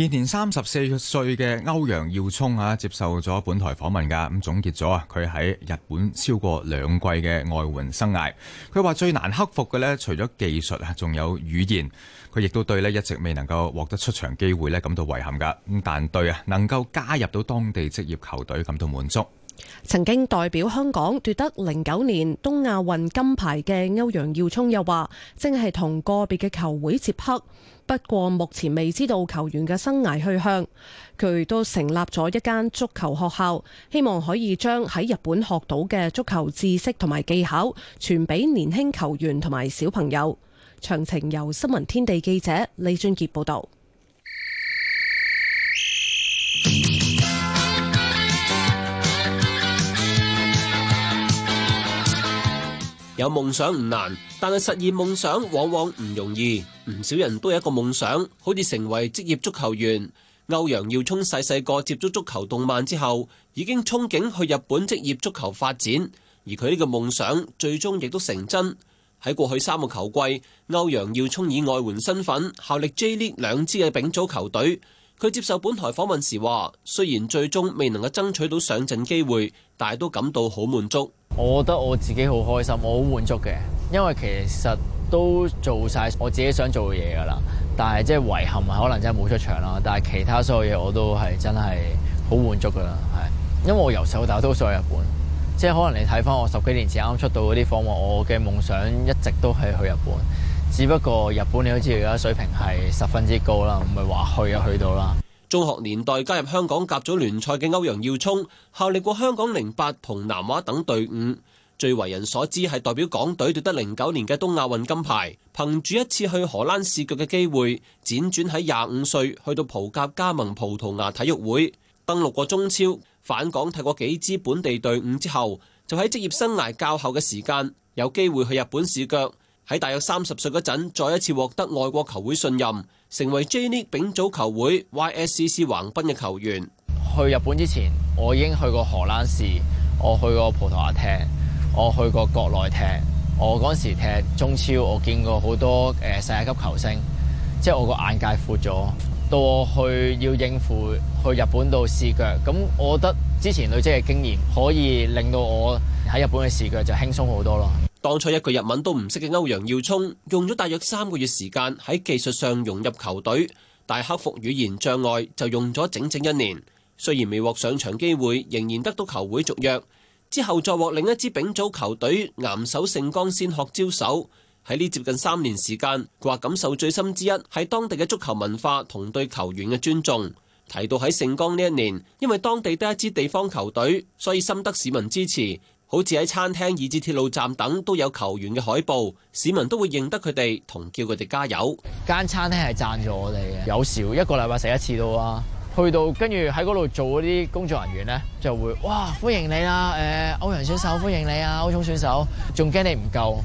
現年三十四歲嘅歐陽耀聰啊，接受咗本台訪問噶，咁總結咗啊，佢喺日本超過兩季嘅外援生涯，佢話最難克服嘅呢，除咗技術啊，仲有語言。佢亦都對呢一直未能夠獲得出場機會呢感到遺憾噶，咁但對啊，能夠加入到當地職業球隊感到滿足。曾經代表香港奪得零九年東亞運金牌嘅歐陽耀聰又話，正係同個別嘅球會接洽。不過目前未知道球員嘅生涯去向，佢都成立咗一間足球學校，希望可以將喺日本學到嘅足球知識同埋技巧傳俾年輕球員同埋小朋友。詳情由新聞天地記者李俊杰報道。有夢想唔難，但係實現夢想往往唔容易。唔少人都有一個夢想，好似成為職業足球員。歐陽耀聰細細個接觸足球動漫之後，已經憧憬去日本職業足球發展。而佢呢個夢想最終亦都成真。喺過去三個球季，歐陽耀聰以外援身份效力 J League 兩支嘅丙組球隊。佢接受本台訪問時話：雖然最終未能夠爭取到上陣機會，但係都感到好滿足。我覺得我自己好開心，我好滿足嘅，因為其實都做晒我自己想做嘅嘢噶啦。但係即係遺憾係可能真係冇出場啦。但係其他所有嘢我都係真係好滿足噶啦，係。因為我由細到大都想去日本，即係可能你睇翻我十幾年前啱出到嗰啲訪問，我嘅夢想一直都係去日本。只不過日本你好似而家水平係十分之高啦，唔係話去就去到啦。中學年代加入香港甲組聯賽嘅歐陽耀聰，效力過香港零八同南華等隊伍，最為人所知係代表港隊奪得零九年嘅東亞運金牌。憑住一次去荷蘭試腳嘅機會，輾轉喺廿五歲去到葡甲加盟葡萄牙體育會，登陸過中超，返港踢過幾支本地隊伍之後，就喺職業生涯較後嘅時間，有機會去日本試腳。喺大約三十歲嗰陣，再一次獲得外國球會信任。成為 Jenny 丙組球會 YSCC 橫濱嘅球員。去日本之前，我已經去過荷蘭市，我去過葡萄牙踢，我去過國內踢。我嗰時踢中超，我見過好多誒、呃、世界級球星，即係我個眼界闊咗。到我去要應付去日本度試腳，咁我覺得之前累積嘅經驗可以令到我喺日本嘅試腳就輕鬆好多咯。當初一句日文都唔識嘅歐陽耀聰，用咗大約三個月時間喺技術上融入球隊，但係克服語言障礙就用咗整整一年。雖然未獲上場機會，仍然得到球會續約。之後再獲另一支丙組球隊岩手盛岡先學招手。喺呢接近三年時間，佢話感受最深之一係當地嘅足球文化同對球員嘅尊重。提到喺盛岡呢一年，因為當地得一支地方球隊，所以深得市民支持。好似喺餐廳以至鐵路站等都有球員嘅海報，市民都會認得佢哋，同叫佢哋加油。間餐廳係贊助我哋嘅，有時一個禮拜食一次到啊。去到跟住喺嗰度做嗰啲工作人員咧，就會哇，歡迎你啦！誒、呃，歐陽選手歡迎你啊，歐中選手仲驚你唔夠，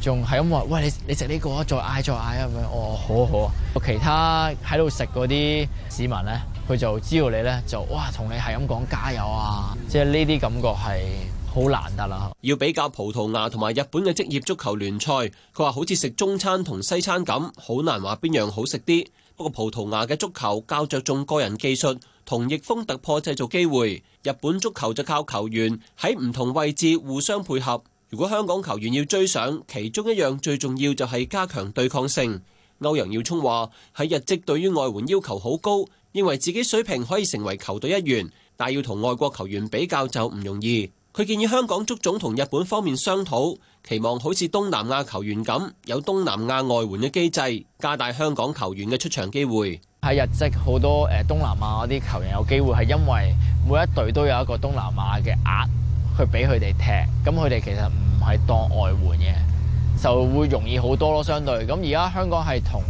仲係咁話，喂，你你食呢、呢個再嗌，再嗌啊咁樣。哦，好啊好啊。其他喺度食嗰啲市民咧，佢就知道你咧就哇同你係咁講加油啊，即係呢啲感覺係。好難得啦，要比較葡萄牙同埋日本嘅職業足球聯賽，佢話好似食中餐同西餐咁，好難話邊樣好食啲。不過葡萄牙嘅足球較着重個人技術同翼鋒突破製造機會，日本足球就靠球員喺唔同位置互相配合。如果香港球員要追上，其中一樣最重要就係加強對抗性。歐陽耀聰話喺日職對於外援要求好高，認為自己水平可以成為球隊一員，但要同外國球員比較就唔容易。佢建議香港足總同日本方面商討，期望好似東南亞球員咁有東南亞外援嘅機制，加大香港球員嘅出場機會。喺日職好多誒東南亞嗰啲球員有機會係因為每一隊都有一個東南亞嘅額去俾佢哋踢，咁佢哋其實唔係當外援嘅，就會容易好多咯。相對咁而家香港係同。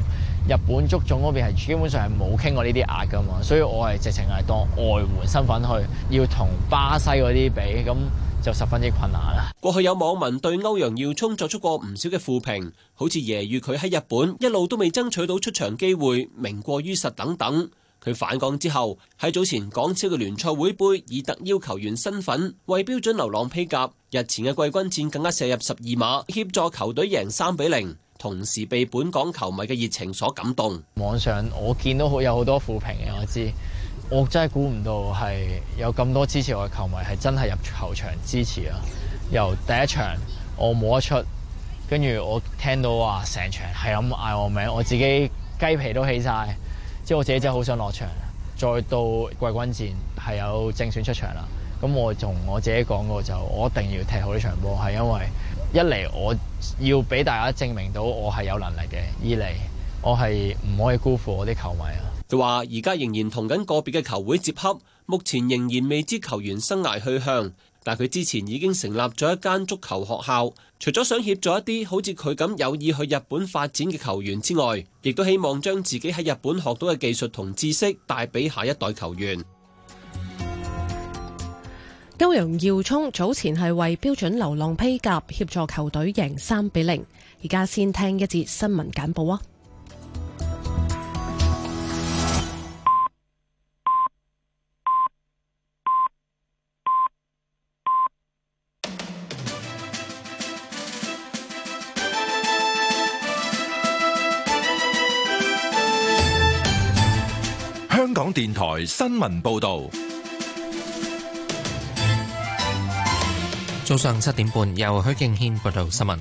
日本足總嗰邊係基本上係冇傾過呢啲壓㗎嘛，所以我係直情係當外援身份去，要同巴西嗰啲比，咁就十分之困難啦。過去有網民對歐陽耀沖作出過唔少嘅負評，好似揶揄佢喺日本一路都未爭取到出場機會，名過於實等等。佢返港之後，喺早前港超嘅聯賽會杯，以特邀球員身份為標準流浪披甲，日前嘅季軍戰更加射入十二碼，協助球隊贏三比零。同時被本港球迷嘅熱情所感動。網上我見到好有好多負評嘅，我知我真係估唔到係有咁多支持我嘅球迷係真係入球場支持啊！由第一場我冇得出，跟住我聽到話成場係咁嗌我名，我自己雞皮都起晒。即係我自己真係好想落場。再到季軍戰係有正選出場啦，咁我同我自己講過就我一定要踢好呢場波，係因為，一嚟我要俾大家證明到我係有能力嘅，二嚟我係唔可以辜負我啲球迷啊。佢話：而家仍然同緊個別嘅球會接洽，目前仍然未知球員生涯去向。但佢之前已經成立咗一間足球學校，除咗想協助一啲好似佢咁有意去日本發展嘅球員之外，亦都希望將自己喺日本學到嘅技術同知識帶俾下一代球員。歐陽耀聰早前係為標準流浪披甲協助球隊贏三比零，而家先聽一節新聞簡報啊！香港電台新聞報道。早上七點半，由許敬軒報道新聞。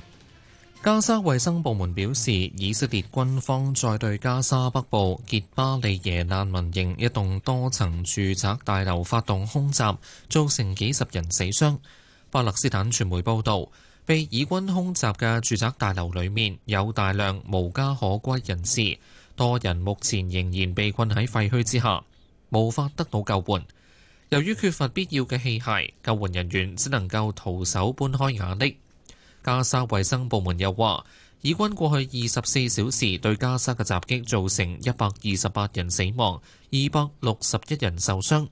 加沙衛生部門表示，以色列軍方在對加沙北部傑巴利耶難民營一棟多層住宅大樓發動空襲，造成幾十人死傷。巴勒斯坦傳媒報道，被以軍空襲嘅住宅大樓裏面有大量無家可歸人士，多人目前仍然被困喺廢墟之下，無法得到救援。由於缺乏必要嘅器械，救援人員只能夠徒手搬開瓦礫。加沙衛生部門又話，以軍過去二十四小時對加沙嘅襲擊造成一百二十八人死亡、二百六十一人受傷。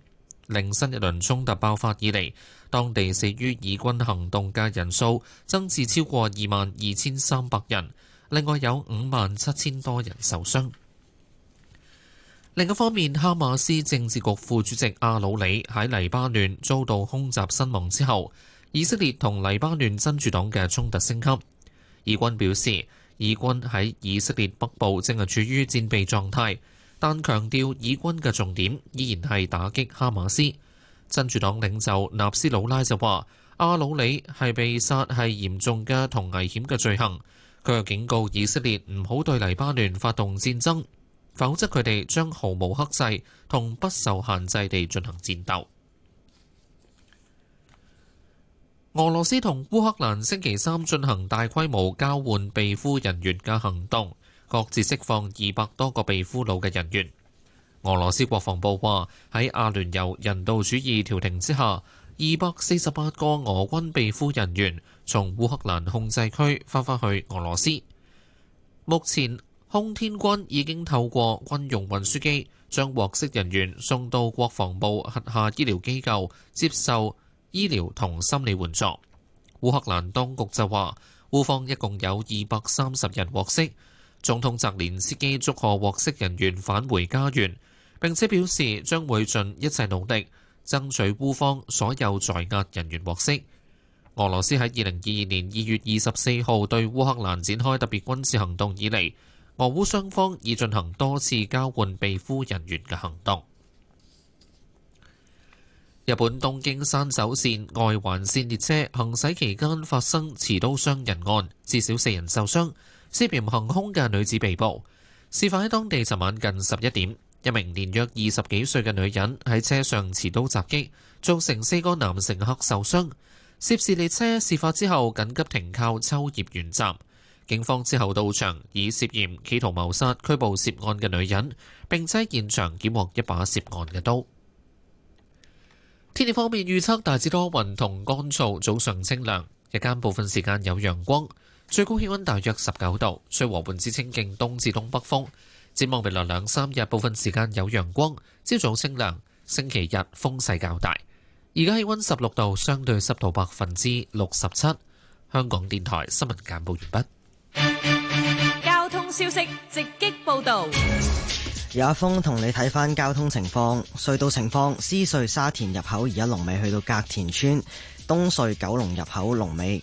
另新一輪衝突爆發以嚟，當地死於以軍行動嘅人數增至超過二萬二千三百人，另外有五萬七千多人受傷。另一方面，哈馬斯政治局副主席阿魯里喺黎巴嫩遭到空襲身亡之後，以色列同黎巴嫩真主黨嘅衝突升級。以軍表示，以軍喺以色列北部正係處於戰備狀態，但強調以軍嘅重點依然係打擊哈馬斯。真主黨領袖納斯魯拉就話：阿魯里係被殺係嚴重嘅同危險嘅罪行，佢又警告以色列唔好對黎巴嫩發動戰爭。否則，佢哋將毫無克制同不受限制地進行戰鬥。俄羅斯同烏克蘭星期三進行大規模交換被俘人員嘅行動，各自釋放二百多個被俘虜嘅人員。俄羅斯國防部話喺阿聯酋人道主義調停之下，二百四十八個俄軍被俘人員從烏克蘭控制區翻返去俄羅斯。目前，空天軍已經透過軍用運輸機將獲釋人員送到國防部轄下醫療機構接受醫療同心理援助。烏克蘭當局就話，烏方一共有二百三十人獲釋。總統澤連斯基祝賀獲釋人員返回家園，並且表示將會盡一切努力爭取烏方所有在押人員獲釋。俄羅斯喺二零二二年二月二十四號對烏克蘭展開特別軍事行動以嚟。俄烏雙方已進行多次交換被俘人員嘅行動。日本東京山手線外環線列車行駛期間發生持刀傷人案，至少四人受傷，涉嫌行兇嘅女子被捕。事發喺當地尋晚近十一點，一名年約二十幾歲嘅女人喺車上持刀襲擊，造成四個男乘客受傷。涉事列車事發之後緊急停靠秋葉原站。警方之後到場，以涉嫌企圖謀殺拘捕涉案嘅女人，並喺現場檢獲一把涉案嘅刀。天氣方面預測大致多雲同乾燥，早上清涼，日間部分時間有陽光，最高氣温大約十九度，最和緩至清勁東至東北風。展望未來兩三日部分時間有陽光，朝早清涼，星期日風勢較大。而家氣溫十六度，相對濕度百分之六十七。香港電台新聞簡報完畢。交通消息直擊報道，有阿峰同你睇返交通情況、隧道情況。獅隧沙田入口而家龍尾去到隔田村，東隧九龍入口龍尾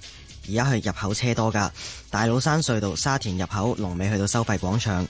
而家係入口車多㗎，大老山隧道沙田入口龍尾去到收費廣場。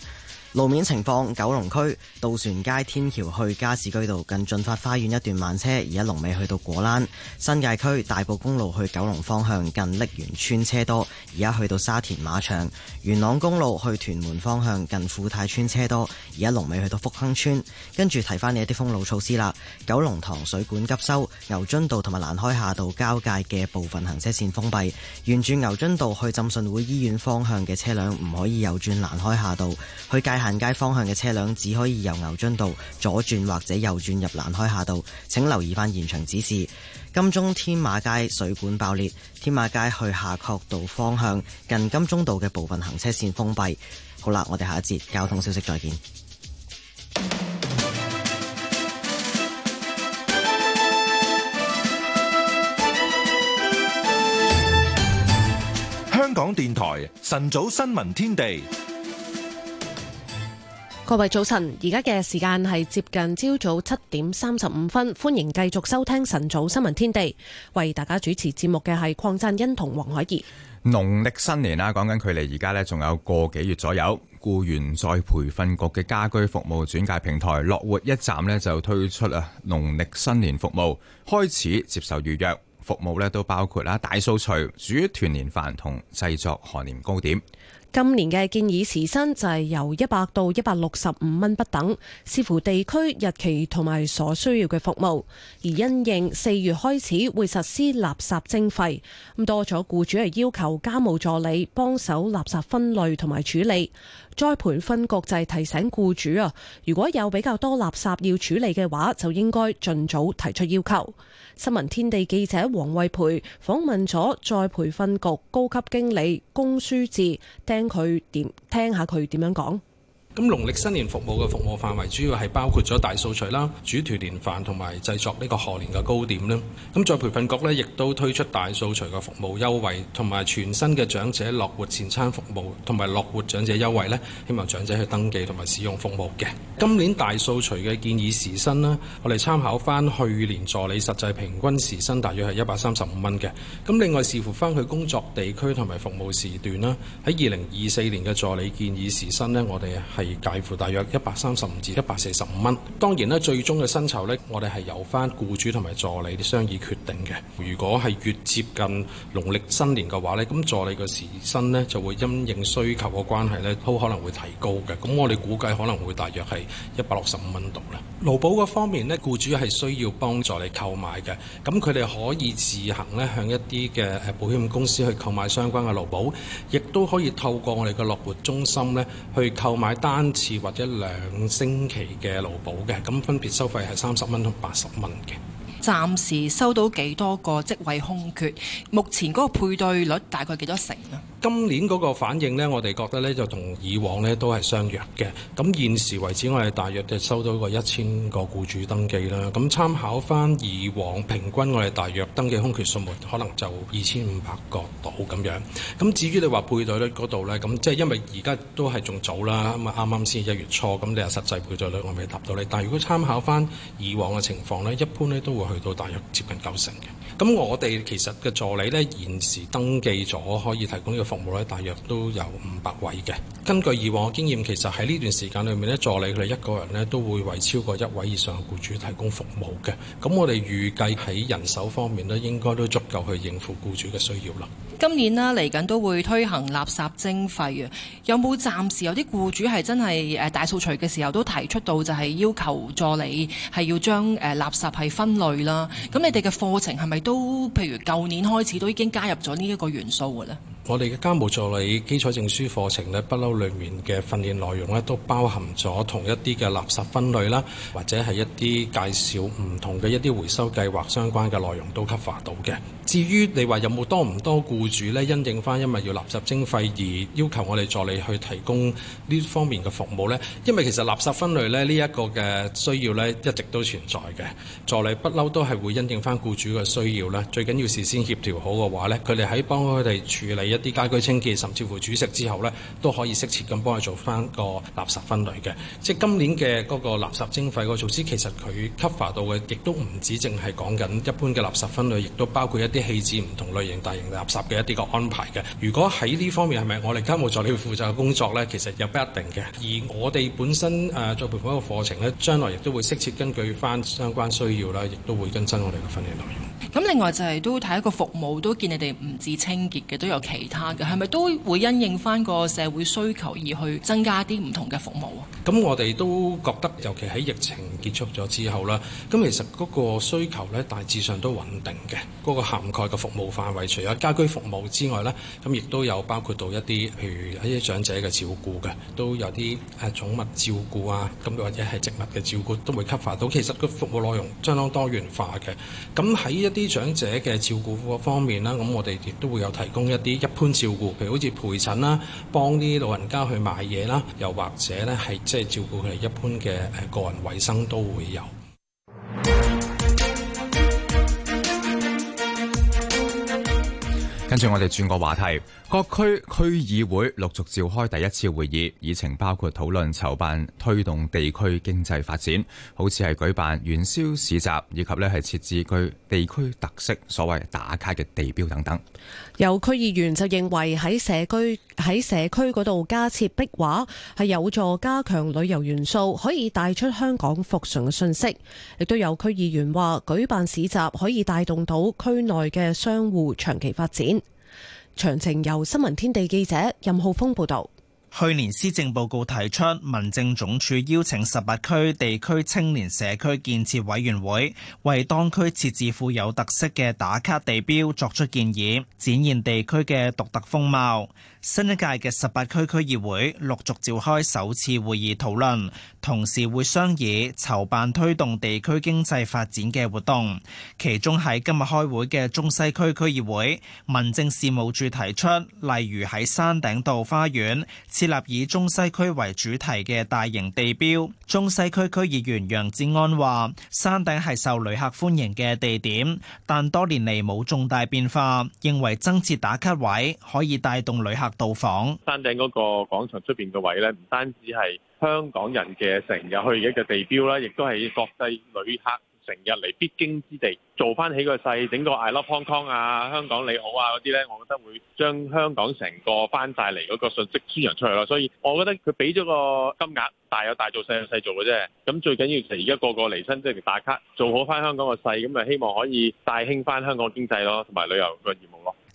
路面情況：九龍區渡船街天橋去加士居道近駿發花園一段慢車，而家龍尾去到果欄；新界區大埔公路去九龍方向近瀝源村車多，而家去到沙田馬場；元朗公路去屯門方向近富泰村車多，而家龍尾去到福亨村。跟住提翻你一啲封路措施啦：九龍塘水管急修，牛津道同埋蘭開夏道交界嘅部分行車線封閉，沿住牛津道去浸信會醫院方向嘅車輛唔可以右轉蘭開夏道去界。行街方向嘅車輛只可以由牛津道左轉或者右轉入蘭開夏道，請留意返現場指示。金鐘添馬街水管爆裂，添馬街去夏慤道方向近金鐘道嘅部分行車線封閉。好啦，我哋下一節交通消息再見。香港電台晨早新聞天地。各位早晨，而家嘅時間係接近朝早七點三十五分，歡迎繼續收聽晨早新聞天地。為大家主持節目嘅係鄺贊恩同黃海怡。農曆新年啦，講緊距離而家咧仲有個幾月左右。僱員再培訓局嘅家居服務轉介平台樂活一站咧，就推出啊農曆新年服務，開始接受預約。服務咧都包括啦大掃除、煮團年飯同製作賀年糕點。今年嘅建議時薪就係由一百到一百六十五蚊不等，視乎地區、日期同埋所需要嘅服務。而因應四月開始會實施垃圾徵費，咁多咗僱主係要求家務助理幫手垃圾分類同埋處理。再培訓局提醒僱主啊，如果有比較多垃圾要處理嘅話，就應該盡早提出要求。新聞天地記者黃慧培訪問咗再培訓局高級經理龔書志，聽佢點聽下佢點樣講。咁農曆新年服務嘅服務範圍主要係包括咗大掃除啦、煮團年飯同埋製作呢個賀年嘅糕點啦。咁再培訓局咧，亦都推出大掃除嘅服務優惠，同埋全新嘅長者樂活前餐服務同埋樂活長者優惠咧，希望長者去登記同埋使用服務嘅。嗯、今年大掃除嘅建議時薪啦，我哋參考翻去年助理實際平均時薪大約係一百三十五蚊嘅。咁另外視乎翻去工作地區同埋服務時段啦，喺二零二四年嘅助理建議時薪咧，我哋係介乎大約一百三十五至一百四十五蚊。當然咧，最終嘅薪酬咧，我哋係由翻僱主同埋助理啲商議決定嘅。如果係越接近農曆新年嘅話咧，咁助理嘅時薪咧就會因應需求嘅關係咧，都可能會提高嘅。咁我哋估計可能會大約係一百六十五蚊度啦。勞保嗰方面咧，僱主係需要幫助你購買嘅。咁佢哋可以自行咧向一啲嘅保險公司去購買相關嘅勞保，亦都可以透過我哋嘅樂活中心咧去購買單。單次或者兩星期嘅勞保嘅，咁分別收費係三十蚊同八十蚊嘅。暫時收到幾多個職位空缺？目前嗰個配對率大概幾多成啊？今年嗰個反應呢，我哋覺得呢就同以往呢都係相若嘅。咁現時為止，我哋大約就收到一個一千個僱主登記啦。咁參考翻以往平均，我哋大約登記空缺數目可能就二千五百個到咁樣。咁至於你話配對率嗰度呢，咁即係因為而家都係仲早啦，咁啊啱啱先一月初，咁你話實際配對率我未答到你。但係如果參考翻以往嘅情況呢，一般呢都會去。去到大約接近九成嘅。咁我哋其實嘅助理咧，現時登記咗可以提供呢個服務咧，大約都有五百位嘅。根據以往嘅經驗，其實喺呢段時間裏面咧，助理佢哋一個人咧都會為超過一位以上嘅僱主提供服務嘅。咁我哋預計喺人手方面咧，應該都足夠去應付僱主嘅需要啦。今年啦，嚟緊都會推行垃圾徵費啊，有冇暫時有啲雇主係真係誒、呃、大掃除嘅時候都提出到就係要求助理係要將誒、呃、垃圾係分類啦？咁你哋嘅課程係咪都譬如舊年開始都已經加入咗呢一個元素嘅咧？我哋嘅家務助理基礎證書課程呢，不嬲裏面嘅訓練內容呢，都包含咗同一啲嘅垃圾分類啦，或者係一啲介紹唔同嘅一啲回收計劃相關嘅內容都包括到嘅。至於你話有冇多唔多僱主呢，因應返因為要垃圾徵費而要求我哋助理去提供呢方面嘅服務呢？因為其實垃圾分類呢，呢一個嘅需要呢一直都存在嘅，助理不嬲都係會因應返僱主嘅需要呢，最緊要事先協調好嘅話呢，佢哋喺幫佢哋處理。一啲家居清潔，甚至乎煮食之後呢，都可以適切咁幫佢做翻個垃圾分類嘅。即係今年嘅嗰個垃圾徵費個措施，其實佢 cover 到嘅，亦都唔止淨係講緊一般嘅垃圾分類，亦都包括一啲棄置唔同類型大型垃圾嘅一啲個安排嘅。如果喺呢方面係咪我哋家務助理負責嘅工作呢？其實又不一定嘅。而我哋本身誒再培訓一個課程呢，將來亦都會適切根據翻相關需要啦，亦都會更新我哋嘅訓練內容。咁另外就係、是、都睇一個服務，都見你哋唔止清潔嘅，都有其。其他嘅係咪都會因應翻個社會需求而去增加啲唔同嘅服務啊？咁我哋都覺得，尤其喺疫情結束咗之後啦，咁其實嗰個需求咧，大致上都穩定嘅。嗰個涵蓋嘅服務範圍除咗家居服務之外咧，咁亦都有包括到一啲，譬如一啲長者嘅照顧嘅，都有啲誒寵物照顧啊，咁或者係植物嘅照顧都會 cover 到。其實個服務內容相當多元化嘅。咁喺一啲長者嘅照顧方面啦，咁我哋亦都會有提供一啲一。一般照顧，譬如好似陪診啦，幫啲老人家去買嘢啦，又或者咧係即係照顧佢哋一般嘅誒個人衛生都會有。跟住我哋轉個話題。各區區議會陸續召開第一次會議，議程包括討論籌辦推動地區經濟發展，好似係舉辦元宵市集，以及呢係設置具地區特色所謂打卡嘅地標等等。有區議員就認為喺社區喺社區嗰度加設壁畫係有助加強旅遊元素，可以帶出香港復常嘅信息。亦都有區議員話舉辦市集可以帶動到區內嘅商戶長期發展。詳情由新聞天地記者任浩峰報道。去年施政報告提出，民政總署邀請十八區地區青年社區建設委員會，為當區設置富有特色嘅打卡地標作出建議，展現地區嘅獨特風貌。新一屆嘅十八區區議會陸續召開首次會議討論，同時會商議籌辦推動地區經濟發展嘅活動。其中喺今日開會嘅中西區區議會民政事務處提出，例如喺山頂道花園設立以中西區為主題嘅大型地標。中西區區議員楊志安話：山頂係受旅客歡迎嘅地點，但多年嚟冇重大變化，認為增設打卡位可以帶動旅客。到訪山頂嗰個廣場出邊嘅位咧，唔單止係香港人嘅成日去嘅一個地標啦，亦都係國際旅客成日嚟必經之地。做翻起個勢，整個 I Love Hong Kong 啊、香港你好啊嗰啲咧，我覺得會將香港成個翻曬嚟嗰個信息宣揚出去咯。所以，我覺得佢俾咗個金額，大有大做，細有細做嘅啫。咁最緊要其實而家個個嚟親即係打卡，做好翻香港個勢，咁咪希望可以帶興翻香港經濟咯，同埋旅遊個業。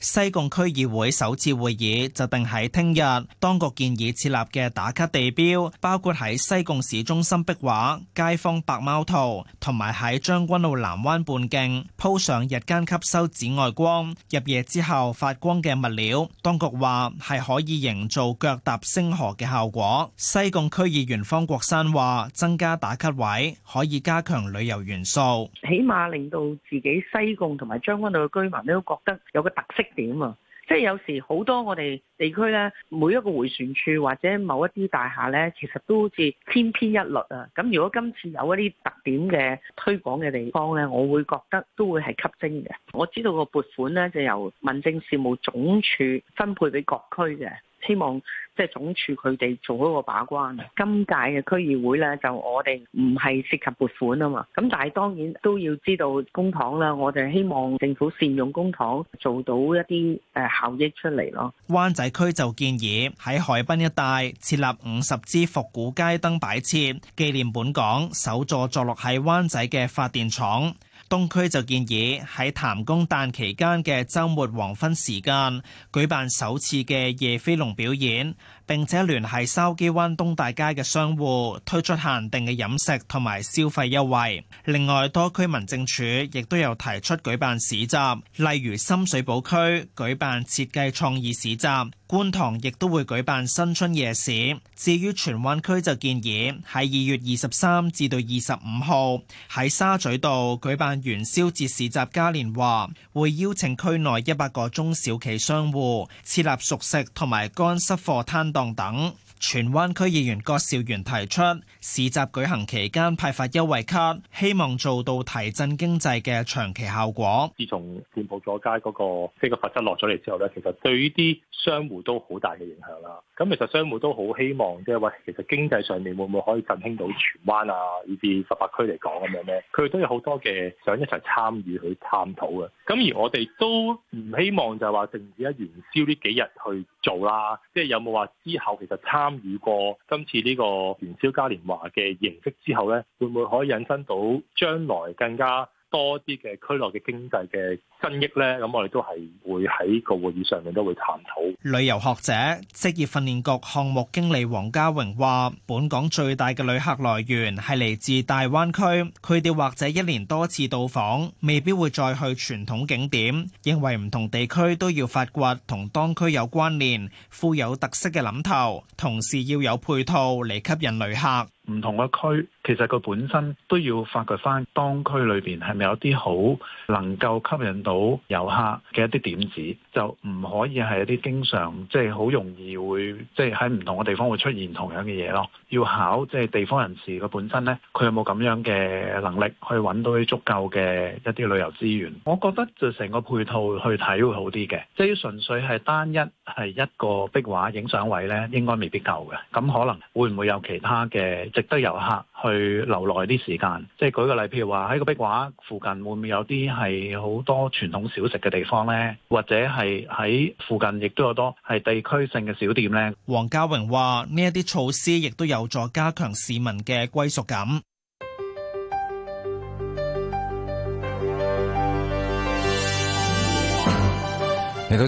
西貢區議會首次會議就定喺聽日。當局建議設立嘅打卡地標，包括喺西貢市中心壁畫、街坊白貓圖，同埋喺將軍澳南灣半徑鋪上日間吸收紫外光、入夜之後發光嘅物料。當局話係可以營造腳踏星河嘅效果。西貢區議員方國山話：增加打卡位可以加強旅遊元素，起碼令到自己西貢同埋將軍澳嘅居民都覺得有個特色。點啊！即係有時好多我哋地區呢，每一個回旋處或者某一啲大廈呢，其實都好似千篇一律啊。咁如果今次有一啲特點嘅推廣嘅地方呢，我會覺得都會係吸睛嘅。我知道個撥款呢，就由民政事務總署分配俾各區嘅。希望即係總署佢哋做一個把關。今屆嘅區議會咧，就我哋唔係涉及撥款啊嘛。咁但係當然都要知道公帑啦。我哋希望政府善用公帑，做到一啲誒效益出嚟咯。灣仔區就建議喺海濱一帶設立五十支復古街燈擺設，紀念本港首座坐落喺灣仔嘅發電廠。東區就建議喺譚公誕期間嘅週末黃昏時間舉辦首次嘅夜飛龍表演。並且聯繫筲箕灣東大街嘅商戶推出限定嘅飲食同埋消費優惠。另外，多區民政處亦都有提出舉辦市集，例如深水埗區舉辦設計創意市集，觀塘亦都會舉辦新春夜市。至於荃灣區就建議喺二月二十三至到二十五號喺沙咀道舉辦元宵節市集嘉年華，會邀請區內一百個中小企商戶設立熟食同埋乾濕貨攤等，荃灣區議員郭兆元提出市集舉行期間派發優惠卡，希望做到提振經濟嘅長期效果。自從店鋪坐街嗰個呢個罰則落咗嚟之後咧，其實對於啲商戶都好大嘅影響啦。咁其實商會都好希望，即係喂，其實經濟上面會唔會可以振興到荃灣啊，呢啲十八區嚟講咁樣咧，佢哋都有好多嘅想一齊參與去探討嘅。咁而我哋都唔希望就係話淨止喺元宵呢幾日去做啦，即係有冇話之後其實參與過今次呢個元宵嘉年華嘅形式之後咧，會唔會可以引申到將來更加多啲嘅區內嘅經濟嘅增益咧，咁我哋都係會喺個會議上面都會探討。旅遊學者、職業訓練局項目經理黃家榮話本港最大嘅旅客來源係嚟自大灣區，佢哋或者一年多次到訪未必會再去傳統景點，認為唔同地區都要發掘同當區有關聯富有特色嘅諗頭，同時要有配套嚟吸引旅客。唔同嘅區，其實佢本身都要發掘翻，當區裏邊係咪有啲好能夠吸引到遊客嘅一啲點子，就唔可以係一啲經常即係好容易會即係喺唔同嘅地方會出現同樣嘅嘢咯。要考即係地方人士個本身呢，佢有冇咁樣嘅能力去揾到一啲足夠嘅一啲旅遊資源？我覺得就成個配套去睇會好啲嘅，即係純粹係單一係一個壁畫影相位呢，應該未必夠嘅。咁可能會唔會有其他嘅？值得遊客去留耐啲時間，即係舉個例，譬如話喺個壁畫附近會唔會有啲係好多傳統小食嘅地方呢？或者係喺附近亦都有多係地區性嘅小店呢？黃家榮話：呢一啲措施亦都有助加強市民嘅歸屬感。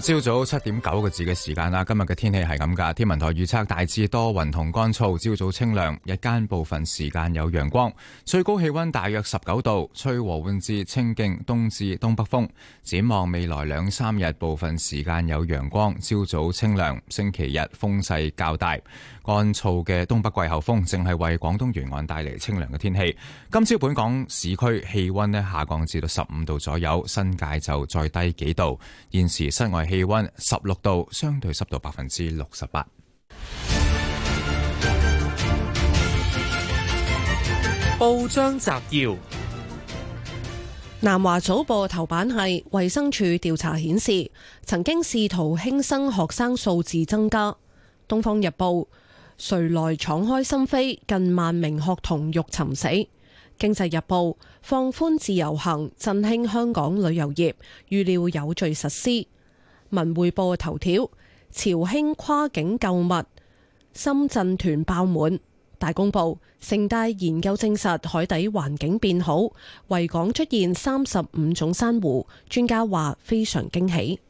到朝早七點九個字嘅時間啦，今日嘅天氣係咁噶。天文台預測大致多雲同乾燥，朝早清涼，日間部分時間有陽光，最高氣溫大約十九度，吹和緩至清勁東至東北風。展望未來兩三日，部分時間有陽光，朝早清涼。星期日風勢較大，乾燥嘅東北季候風正係為廣東沿岸帶嚟清涼嘅天氣。今朝本港市區氣溫呢下降至到十五度左右，新界就再低幾度。現時室外，氣温十六度，相對濕度百分之六十八。報章摘要：南華早報頭版係衛生署調查顯示，曾經試圖輕生學生數字增加。東方日報，誰來敞開心扉？近萬名學童欲尋死。經濟日報，放寬自由行，振興香港旅遊業，預料有序實施。文匯報嘅頭條：朝興跨境購物，深圳團爆滿。大公報：城大研究證實海底環境變好，維港出現三十五種珊瑚，專家話非常驚喜。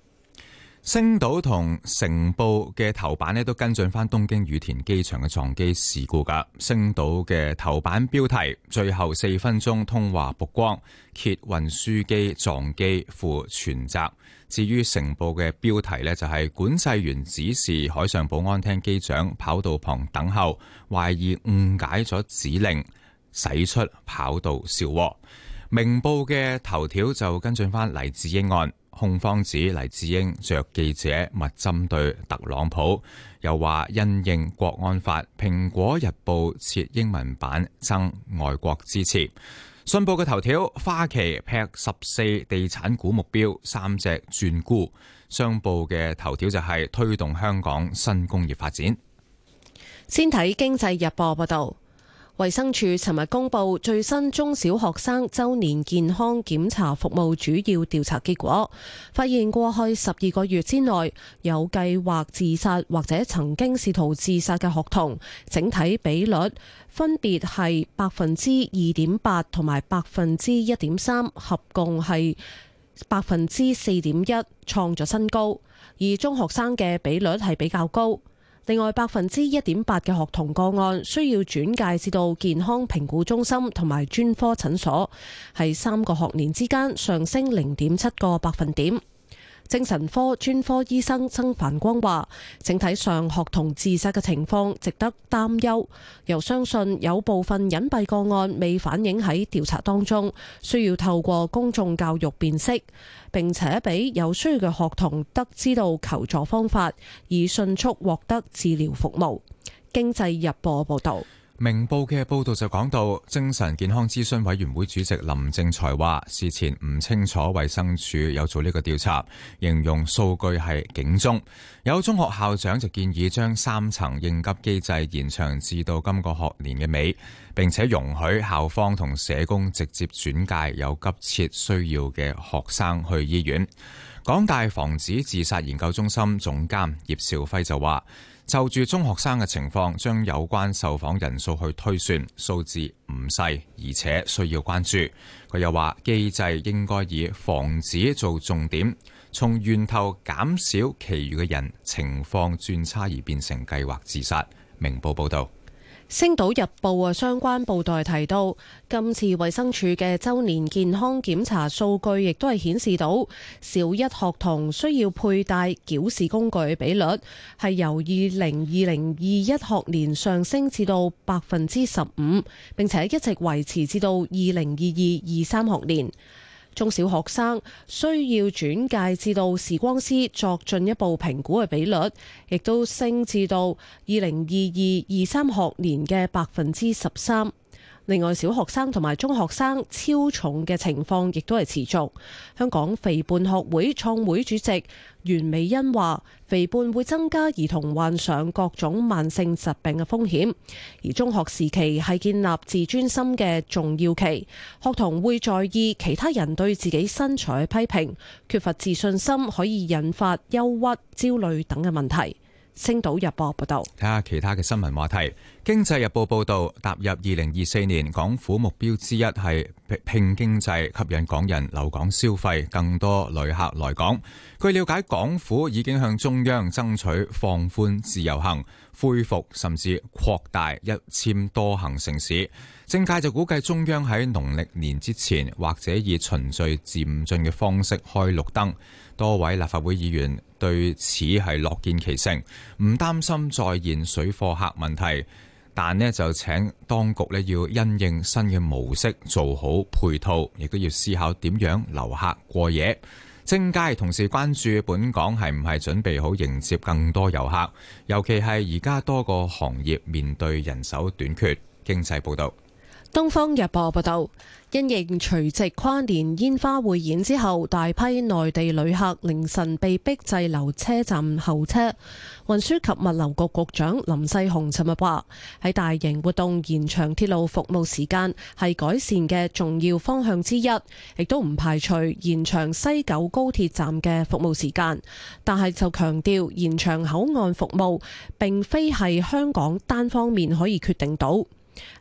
星島同城報嘅頭版咧都跟進翻，東京羽田機場嘅撞機事故噶。星島嘅頭版標題：最後四分鐘通話曝光，揭運輸機撞機負全責。至於成報嘅標題呢，就係管制員指示海上保安廳機長跑道旁等候，懷疑誤解咗指令，使出跑道燒鑊。明報嘅頭條就跟進返黎智英案，控方指黎智英着記者勿針對特朗普，又話因應國安法，蘋果日報設英文版爭外國支持。信報嘅頭條，花旗劈十四地產股目標，三隻轉沽。商報嘅頭條就係推動香港新工業發展。先睇經濟日報報道。衛生署尋日公布最新中小學生周年健康檢查服務主要調查結果，發現過去十二個月之內有計劃自殺或者曾經試圖自殺嘅學童，整體比率分別係百分之二點八同埋百分之一點三，合共係百分之四點一，創咗新高，而中學生嘅比率係比較高。另外，百分之一點八嘅學童個案需要轉介至到健康評估中心同埋專科診所，喺三個學年之間上升零點七個百分點。精神科專科醫生曾凡光話，整體上學童自殺嘅情況值得擔憂，又相信有部分隱蔽個案未反映喺調查當中，需要透過公眾教育辨識，並且俾有需要嘅學童得知道求助方法，以迅速獲得治療服務。經濟日報報道。明報嘅報道就講到，精神健康諮詢委員會主席林正財話，事前唔清楚衛生署有做呢個調查，形容數據係警鐘。有中學校長就建議將三層應急機制延長至到今個學年嘅尾，並且容許校方同社工直接轉介有急切需要嘅學生去醫院。港大防止自殺研究中心總監葉兆輝就話。就住中學生嘅情況，將有關受訪人數去推算，數字唔細，而且需要關注。佢又話：機制應該以防止做重點，從源頭減少其餘，其餘嘅人情況轉差而變成計劃自殺。明報報道。《星島日報》啊，相關報道提到，今次衛生署嘅週年健康檢查數據，亦都係顯示到小一學童需要佩戴矯視工具嘅比率係由二零二零二一學年上升至到百分之十五，並且一直維持至到二零二二二三學年。中小學生需要轉介至到視光師作進一步評估嘅比率，亦都升至到二零二二二三學年嘅百分之十三。另外，小學生同埋中學生超重嘅情況亦都係持續。香港肥胖學會創會主席袁美欣話：肥胖會增加兒童患上各種慢性疾病嘅風險，而中學時期係建立自尊心嘅重要期，學童會在意其他人對自己身材嘅批評，缺乏自信心可以引發憂鬱、焦慮等嘅問題。星島日報報道，睇下其他嘅新聞話題。經濟日報報道，踏入二零二四年，港府目標之一係拼經濟，吸引港人留港消費，更多旅客來港。據了解，港府已經向中央爭取放寬自由行，恢復甚至擴大一簽多行城市。政界就估計，中央喺農曆年之前，或者以循序漸進嘅方式開綠燈。多位立法會議員對此係樂見其成，唔擔心再現水貨客問題，但呢就請當局呢要因應新嘅模式做好配套，亦都要思考點樣留客過夜。政界同時關注本港係唔係準備好迎接更多遊客，尤其係而家多個行業面對人手短缺。經濟報導。《東方日報》報道，因應除夕跨年煙花匯演之後，大批內地旅客凌晨被逼滯留車站候車，運輸及物流局局長林世雄尋日話：喺大型活動延長鐵路服務時間係改善嘅重要方向之一，亦都唔排除延長西九高鐵站嘅服務時間，但係就強調延長口岸服務並非係香港單方面可以決定到。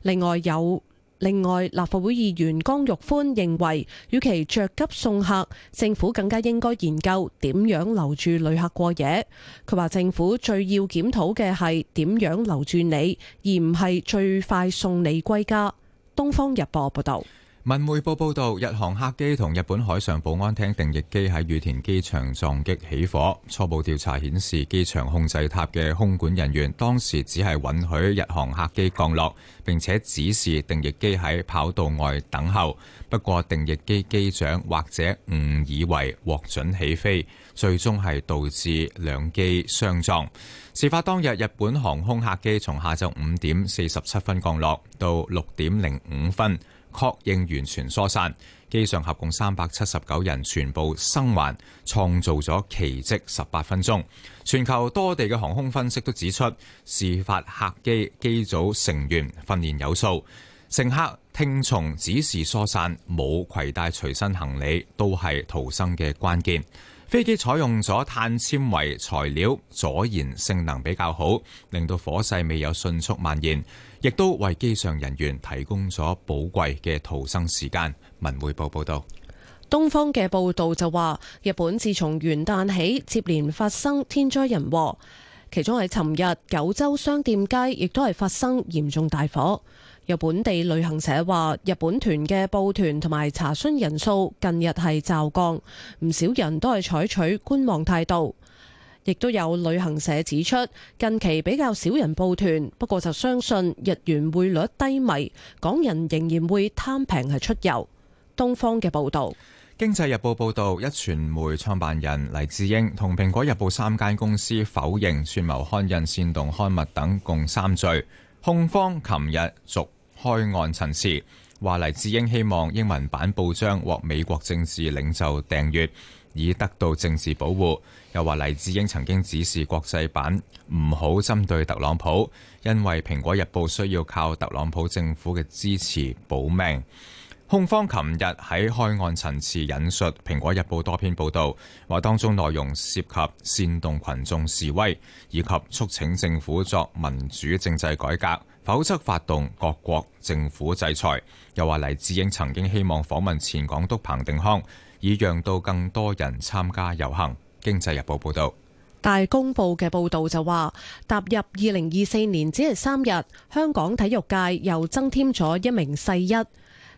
另外有。另外，立法會議員江玉歡認為與其着急送客，政府更加應該研究點樣留住旅客過夜。佢話政府最要檢討嘅係點樣留住你，而唔係最快送你歸家。《東方日報》報道。文匯報報道，日航客機同日本海上保安廳定翼機喺羽田機場撞擊起火。初步調查顯示，機場控制塔嘅空管人員當時只係允許日航客機降落，並且指示定翼機喺跑道外等候。不過，定翼機機長或者誤以為獲准起飛，最終係導致兩機相撞。事發當日，日本航空客機從下晝五點四十七分降落到六點零五分。確認完全疏散，機上合共三百七十九人全部生還，創造咗奇蹟十八分鐘。全球多地嘅航空分析都指出，事發客機機組成員訓練有素，乘客聽從指示疏散，冇携帶隨身行李，都係逃生嘅關鍵。飛機採用咗碳纖維材料，阻燃性能比較好，令到火勢未有迅速蔓延。亦都為機上人員提供咗寶貴嘅逃生時間。文匯報報道，東方嘅報導就話，日本自從元旦起接連發生天災人禍，其中喺尋日九州商店街亦都係發生嚴重大火。有本地旅行社話，日本團嘅報團同埋查詢人數近日係驟降，唔少人都係採取觀望態度。亦都有旅行社指出，近期比較少人報團，不過就相信日元匯率低迷，港人仍然會貪平係出遊。東方嘅報，報，報道，《經濟日報》報道，一傳媒創辦人黎智英同《蘋果日報》三間公司否認串謀刊印煽動刊物等共三罪，控方琴日續開案陳詞。話黎智英希望英文版報章獲美國政治領袖訂閱。已得到政治保護，又話黎智英曾經指示國際版唔好針對特朗普，因為《蘋果日報》需要靠特朗普政府嘅支持保命。控方琴日喺開案陳詞引述《蘋果日報》多篇報導，話當中內容涉及煽動群眾示威以及促請政府作民主政制改革，否則發動各國政府制裁。又話黎智英曾經希望訪問前港督彭定康。以讓到更多人參加遊行。經濟日報報導，大公報嘅報導就話，踏入二零二四年，只係三日，香港體育界又增添咗一名世一。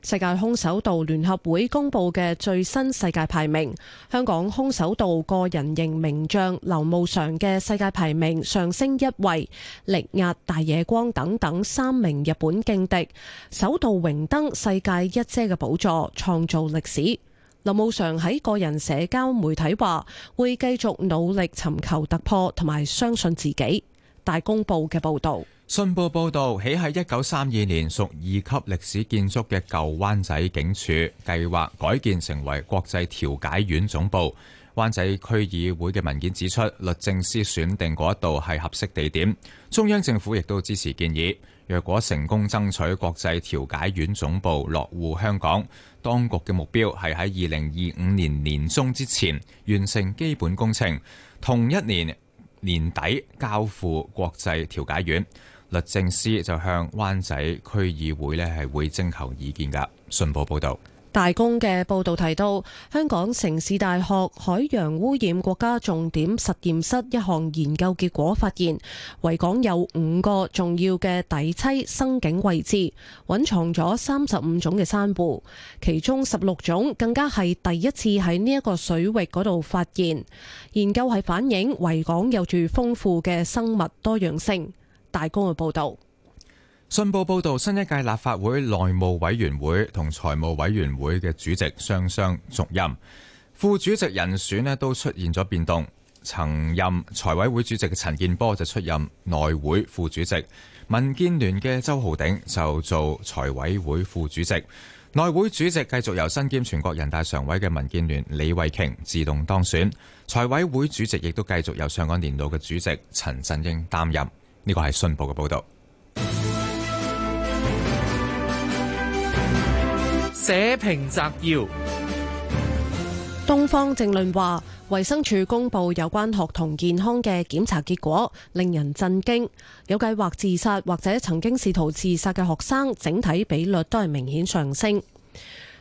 世界空手道聯合會公佈嘅最新世界排名，香港空手道個人型名將劉慕裳嘅世界排名上升一位，力壓大野光等等三名日本勁敵，首度榮登世界一姐嘅寶座，創造歷史。林慕常喺個人社交媒體話：會繼續努力尋求突破，同埋相信自己。大公報嘅報導，信報報導，起喺一九三二年屬二級歷史建築嘅舊灣仔警署，計劃改建成為國際調解院總部。灣仔區議會嘅文件指出，律政司選定嗰一度係合適地點，中央政府亦都支持建議。若果成功爭取國際調解院總部落戶香港，當局嘅目標係喺二零二五年年中之前完成基本工程，同一年年底交付國際調解院。律政司就向灣仔區議會咧係會徵求意見噶。信報報道。大公嘅報道提到，香港城市大學海洋污染國家重點實驗室一項研究結果發現，維港有五個重要嘅底棲生境位置，蘊藏咗三十五種嘅珊瑚，其中十六種更加係第一次喺呢一個水域嗰度發現。研究係反映維港有住豐富嘅生物多樣性。大公嘅報道。信報報導，新一屆立法會內務委員會同財務委員會嘅主席雙雙續任，副主席人選呢都出現咗變動。曾任財委會主席嘅陳建波就出任內會副主席，民建聯嘅周浩鼎就做財委會副主席。內會主席繼續由身兼全國人大常委嘅民建聯李慧瓊自動當選，財委會主席亦都繼續由上個年度嘅主席陳振英擔任。呢個係信報嘅報導。社評摘要，東方正論，話，衛生署公布有關學童健康嘅檢查結果，令人震驚。有計劃自殺或者曾經試圖自殺嘅學生，整體比率都係明顯上升。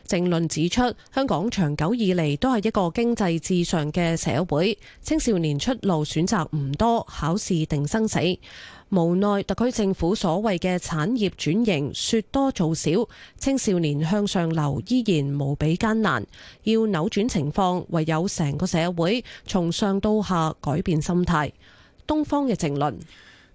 正論指出，香港長久以嚟都係一個經濟至上嘅社會，青少年出路選擇唔多，考試定生死。無奈特區政府所謂嘅產業轉型說多做少，青少年向上流依然無比艱難。要扭轉情況，唯有成個社會從上到下改變心態。東方嘅正論，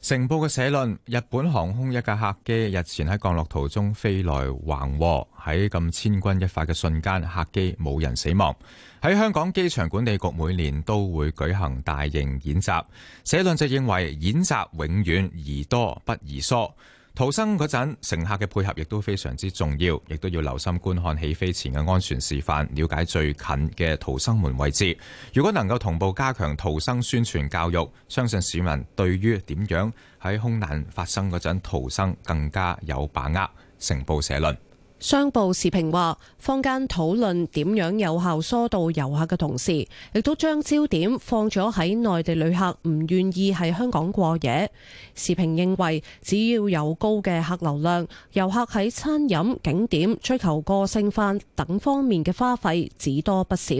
成報嘅社論：日本航空一架客機日前喺降落途中飛來橫禍。喺咁千鈞一髮嘅瞬間，客機冇人死亡。喺香港機場管理局每年都會舉行大型演習。社論就認為演習永遠宜多不宜疏。逃生嗰陣，乘客嘅配合亦都非常之重要，亦都要留心觀看起飛前嘅安全示範，了解最近嘅逃生門位置。如果能夠同步加強逃生宣傳教育，相信市民對於點樣喺空難發生嗰陣逃生更加有把握。成報社論。商報時評話，坊間討論點樣有效疏導遊客嘅同時，亦都將焦點放咗喺內地旅客唔願意喺香港過夜。時評認為，只要有高嘅客流量，遊客喺餐飲、景點、追求個性化等方面嘅花費只多不少。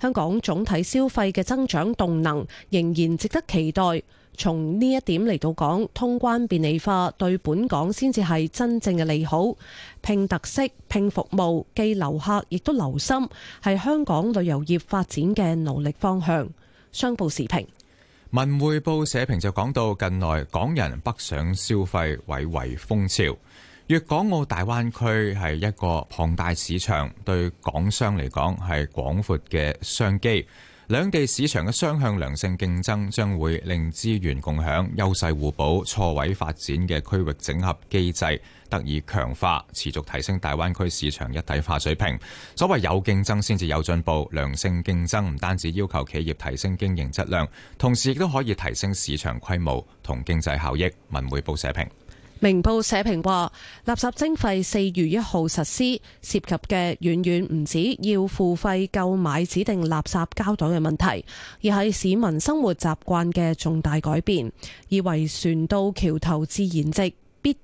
香港總體消費嘅增長動能仍然值得期待。從呢一點嚟到講通關便利化，對本港先至係真正嘅利好。拼特色、拼服務，既留客亦都留心，係香港旅遊業發展嘅努力方向。商報時評。文匯報社評就講到，近來港人北上消費蔚為風潮，粵港澳大灣區係一個龐大市場，對港商嚟講係廣闊嘅商機。兩地市場嘅雙向良性競爭，將會令資源共享、優勢互補、錯位發展嘅區域整合機制得以強化，持續提升大灣區市場一體化水平。所謂有競爭先至有進步，良性競爭唔單止要求企業提升經營質量，同時亦都可以提升市場規模同經濟效益。文匯報社評。明報社評話，垃圾徵費四月一號實施，涉及嘅遠遠唔止要付費購買指定垃圾膠袋嘅問題，而係市民生活習慣嘅重大改變。以為船到橋頭自然直，必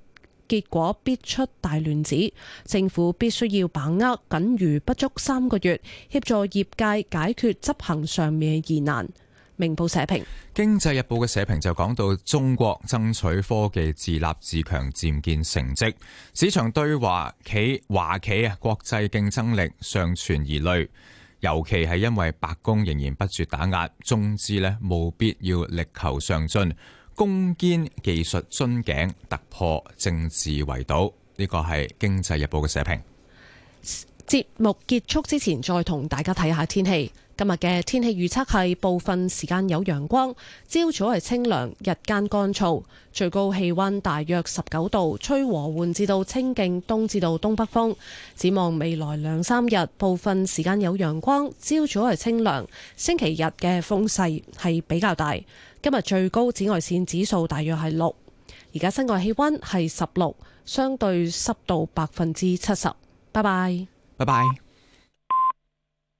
結果必出大亂子。政府必須要把握，僅餘不足三個月，協助業界解決執行上面嘅疑難。明報社評，《經濟日報》嘅社評就講到中國爭取科技自立自強漸見成績，市場對華企華企啊國際競爭力尚存疑慮，尤其係因為白宮仍然不絕打壓，中資呢務必要力求上進，攻堅技術樽頸，突破政治圍堵。呢、這個係《經濟日報》嘅社評。節目結束之前，再同大家睇下天氣。今日嘅天氣預測係部分時間有陽光，朝早係清涼，日間乾燥，最高氣溫大約十九度，吹和緩至到清勁東至到東北風。展望未來兩三日，部分時間有陽光，朝早係清涼。星期日嘅風勢係比較大。今日最高紫外線指數大約係六，而家室外氣溫係十六，相對濕度百分之七十。拜拜，拜拜。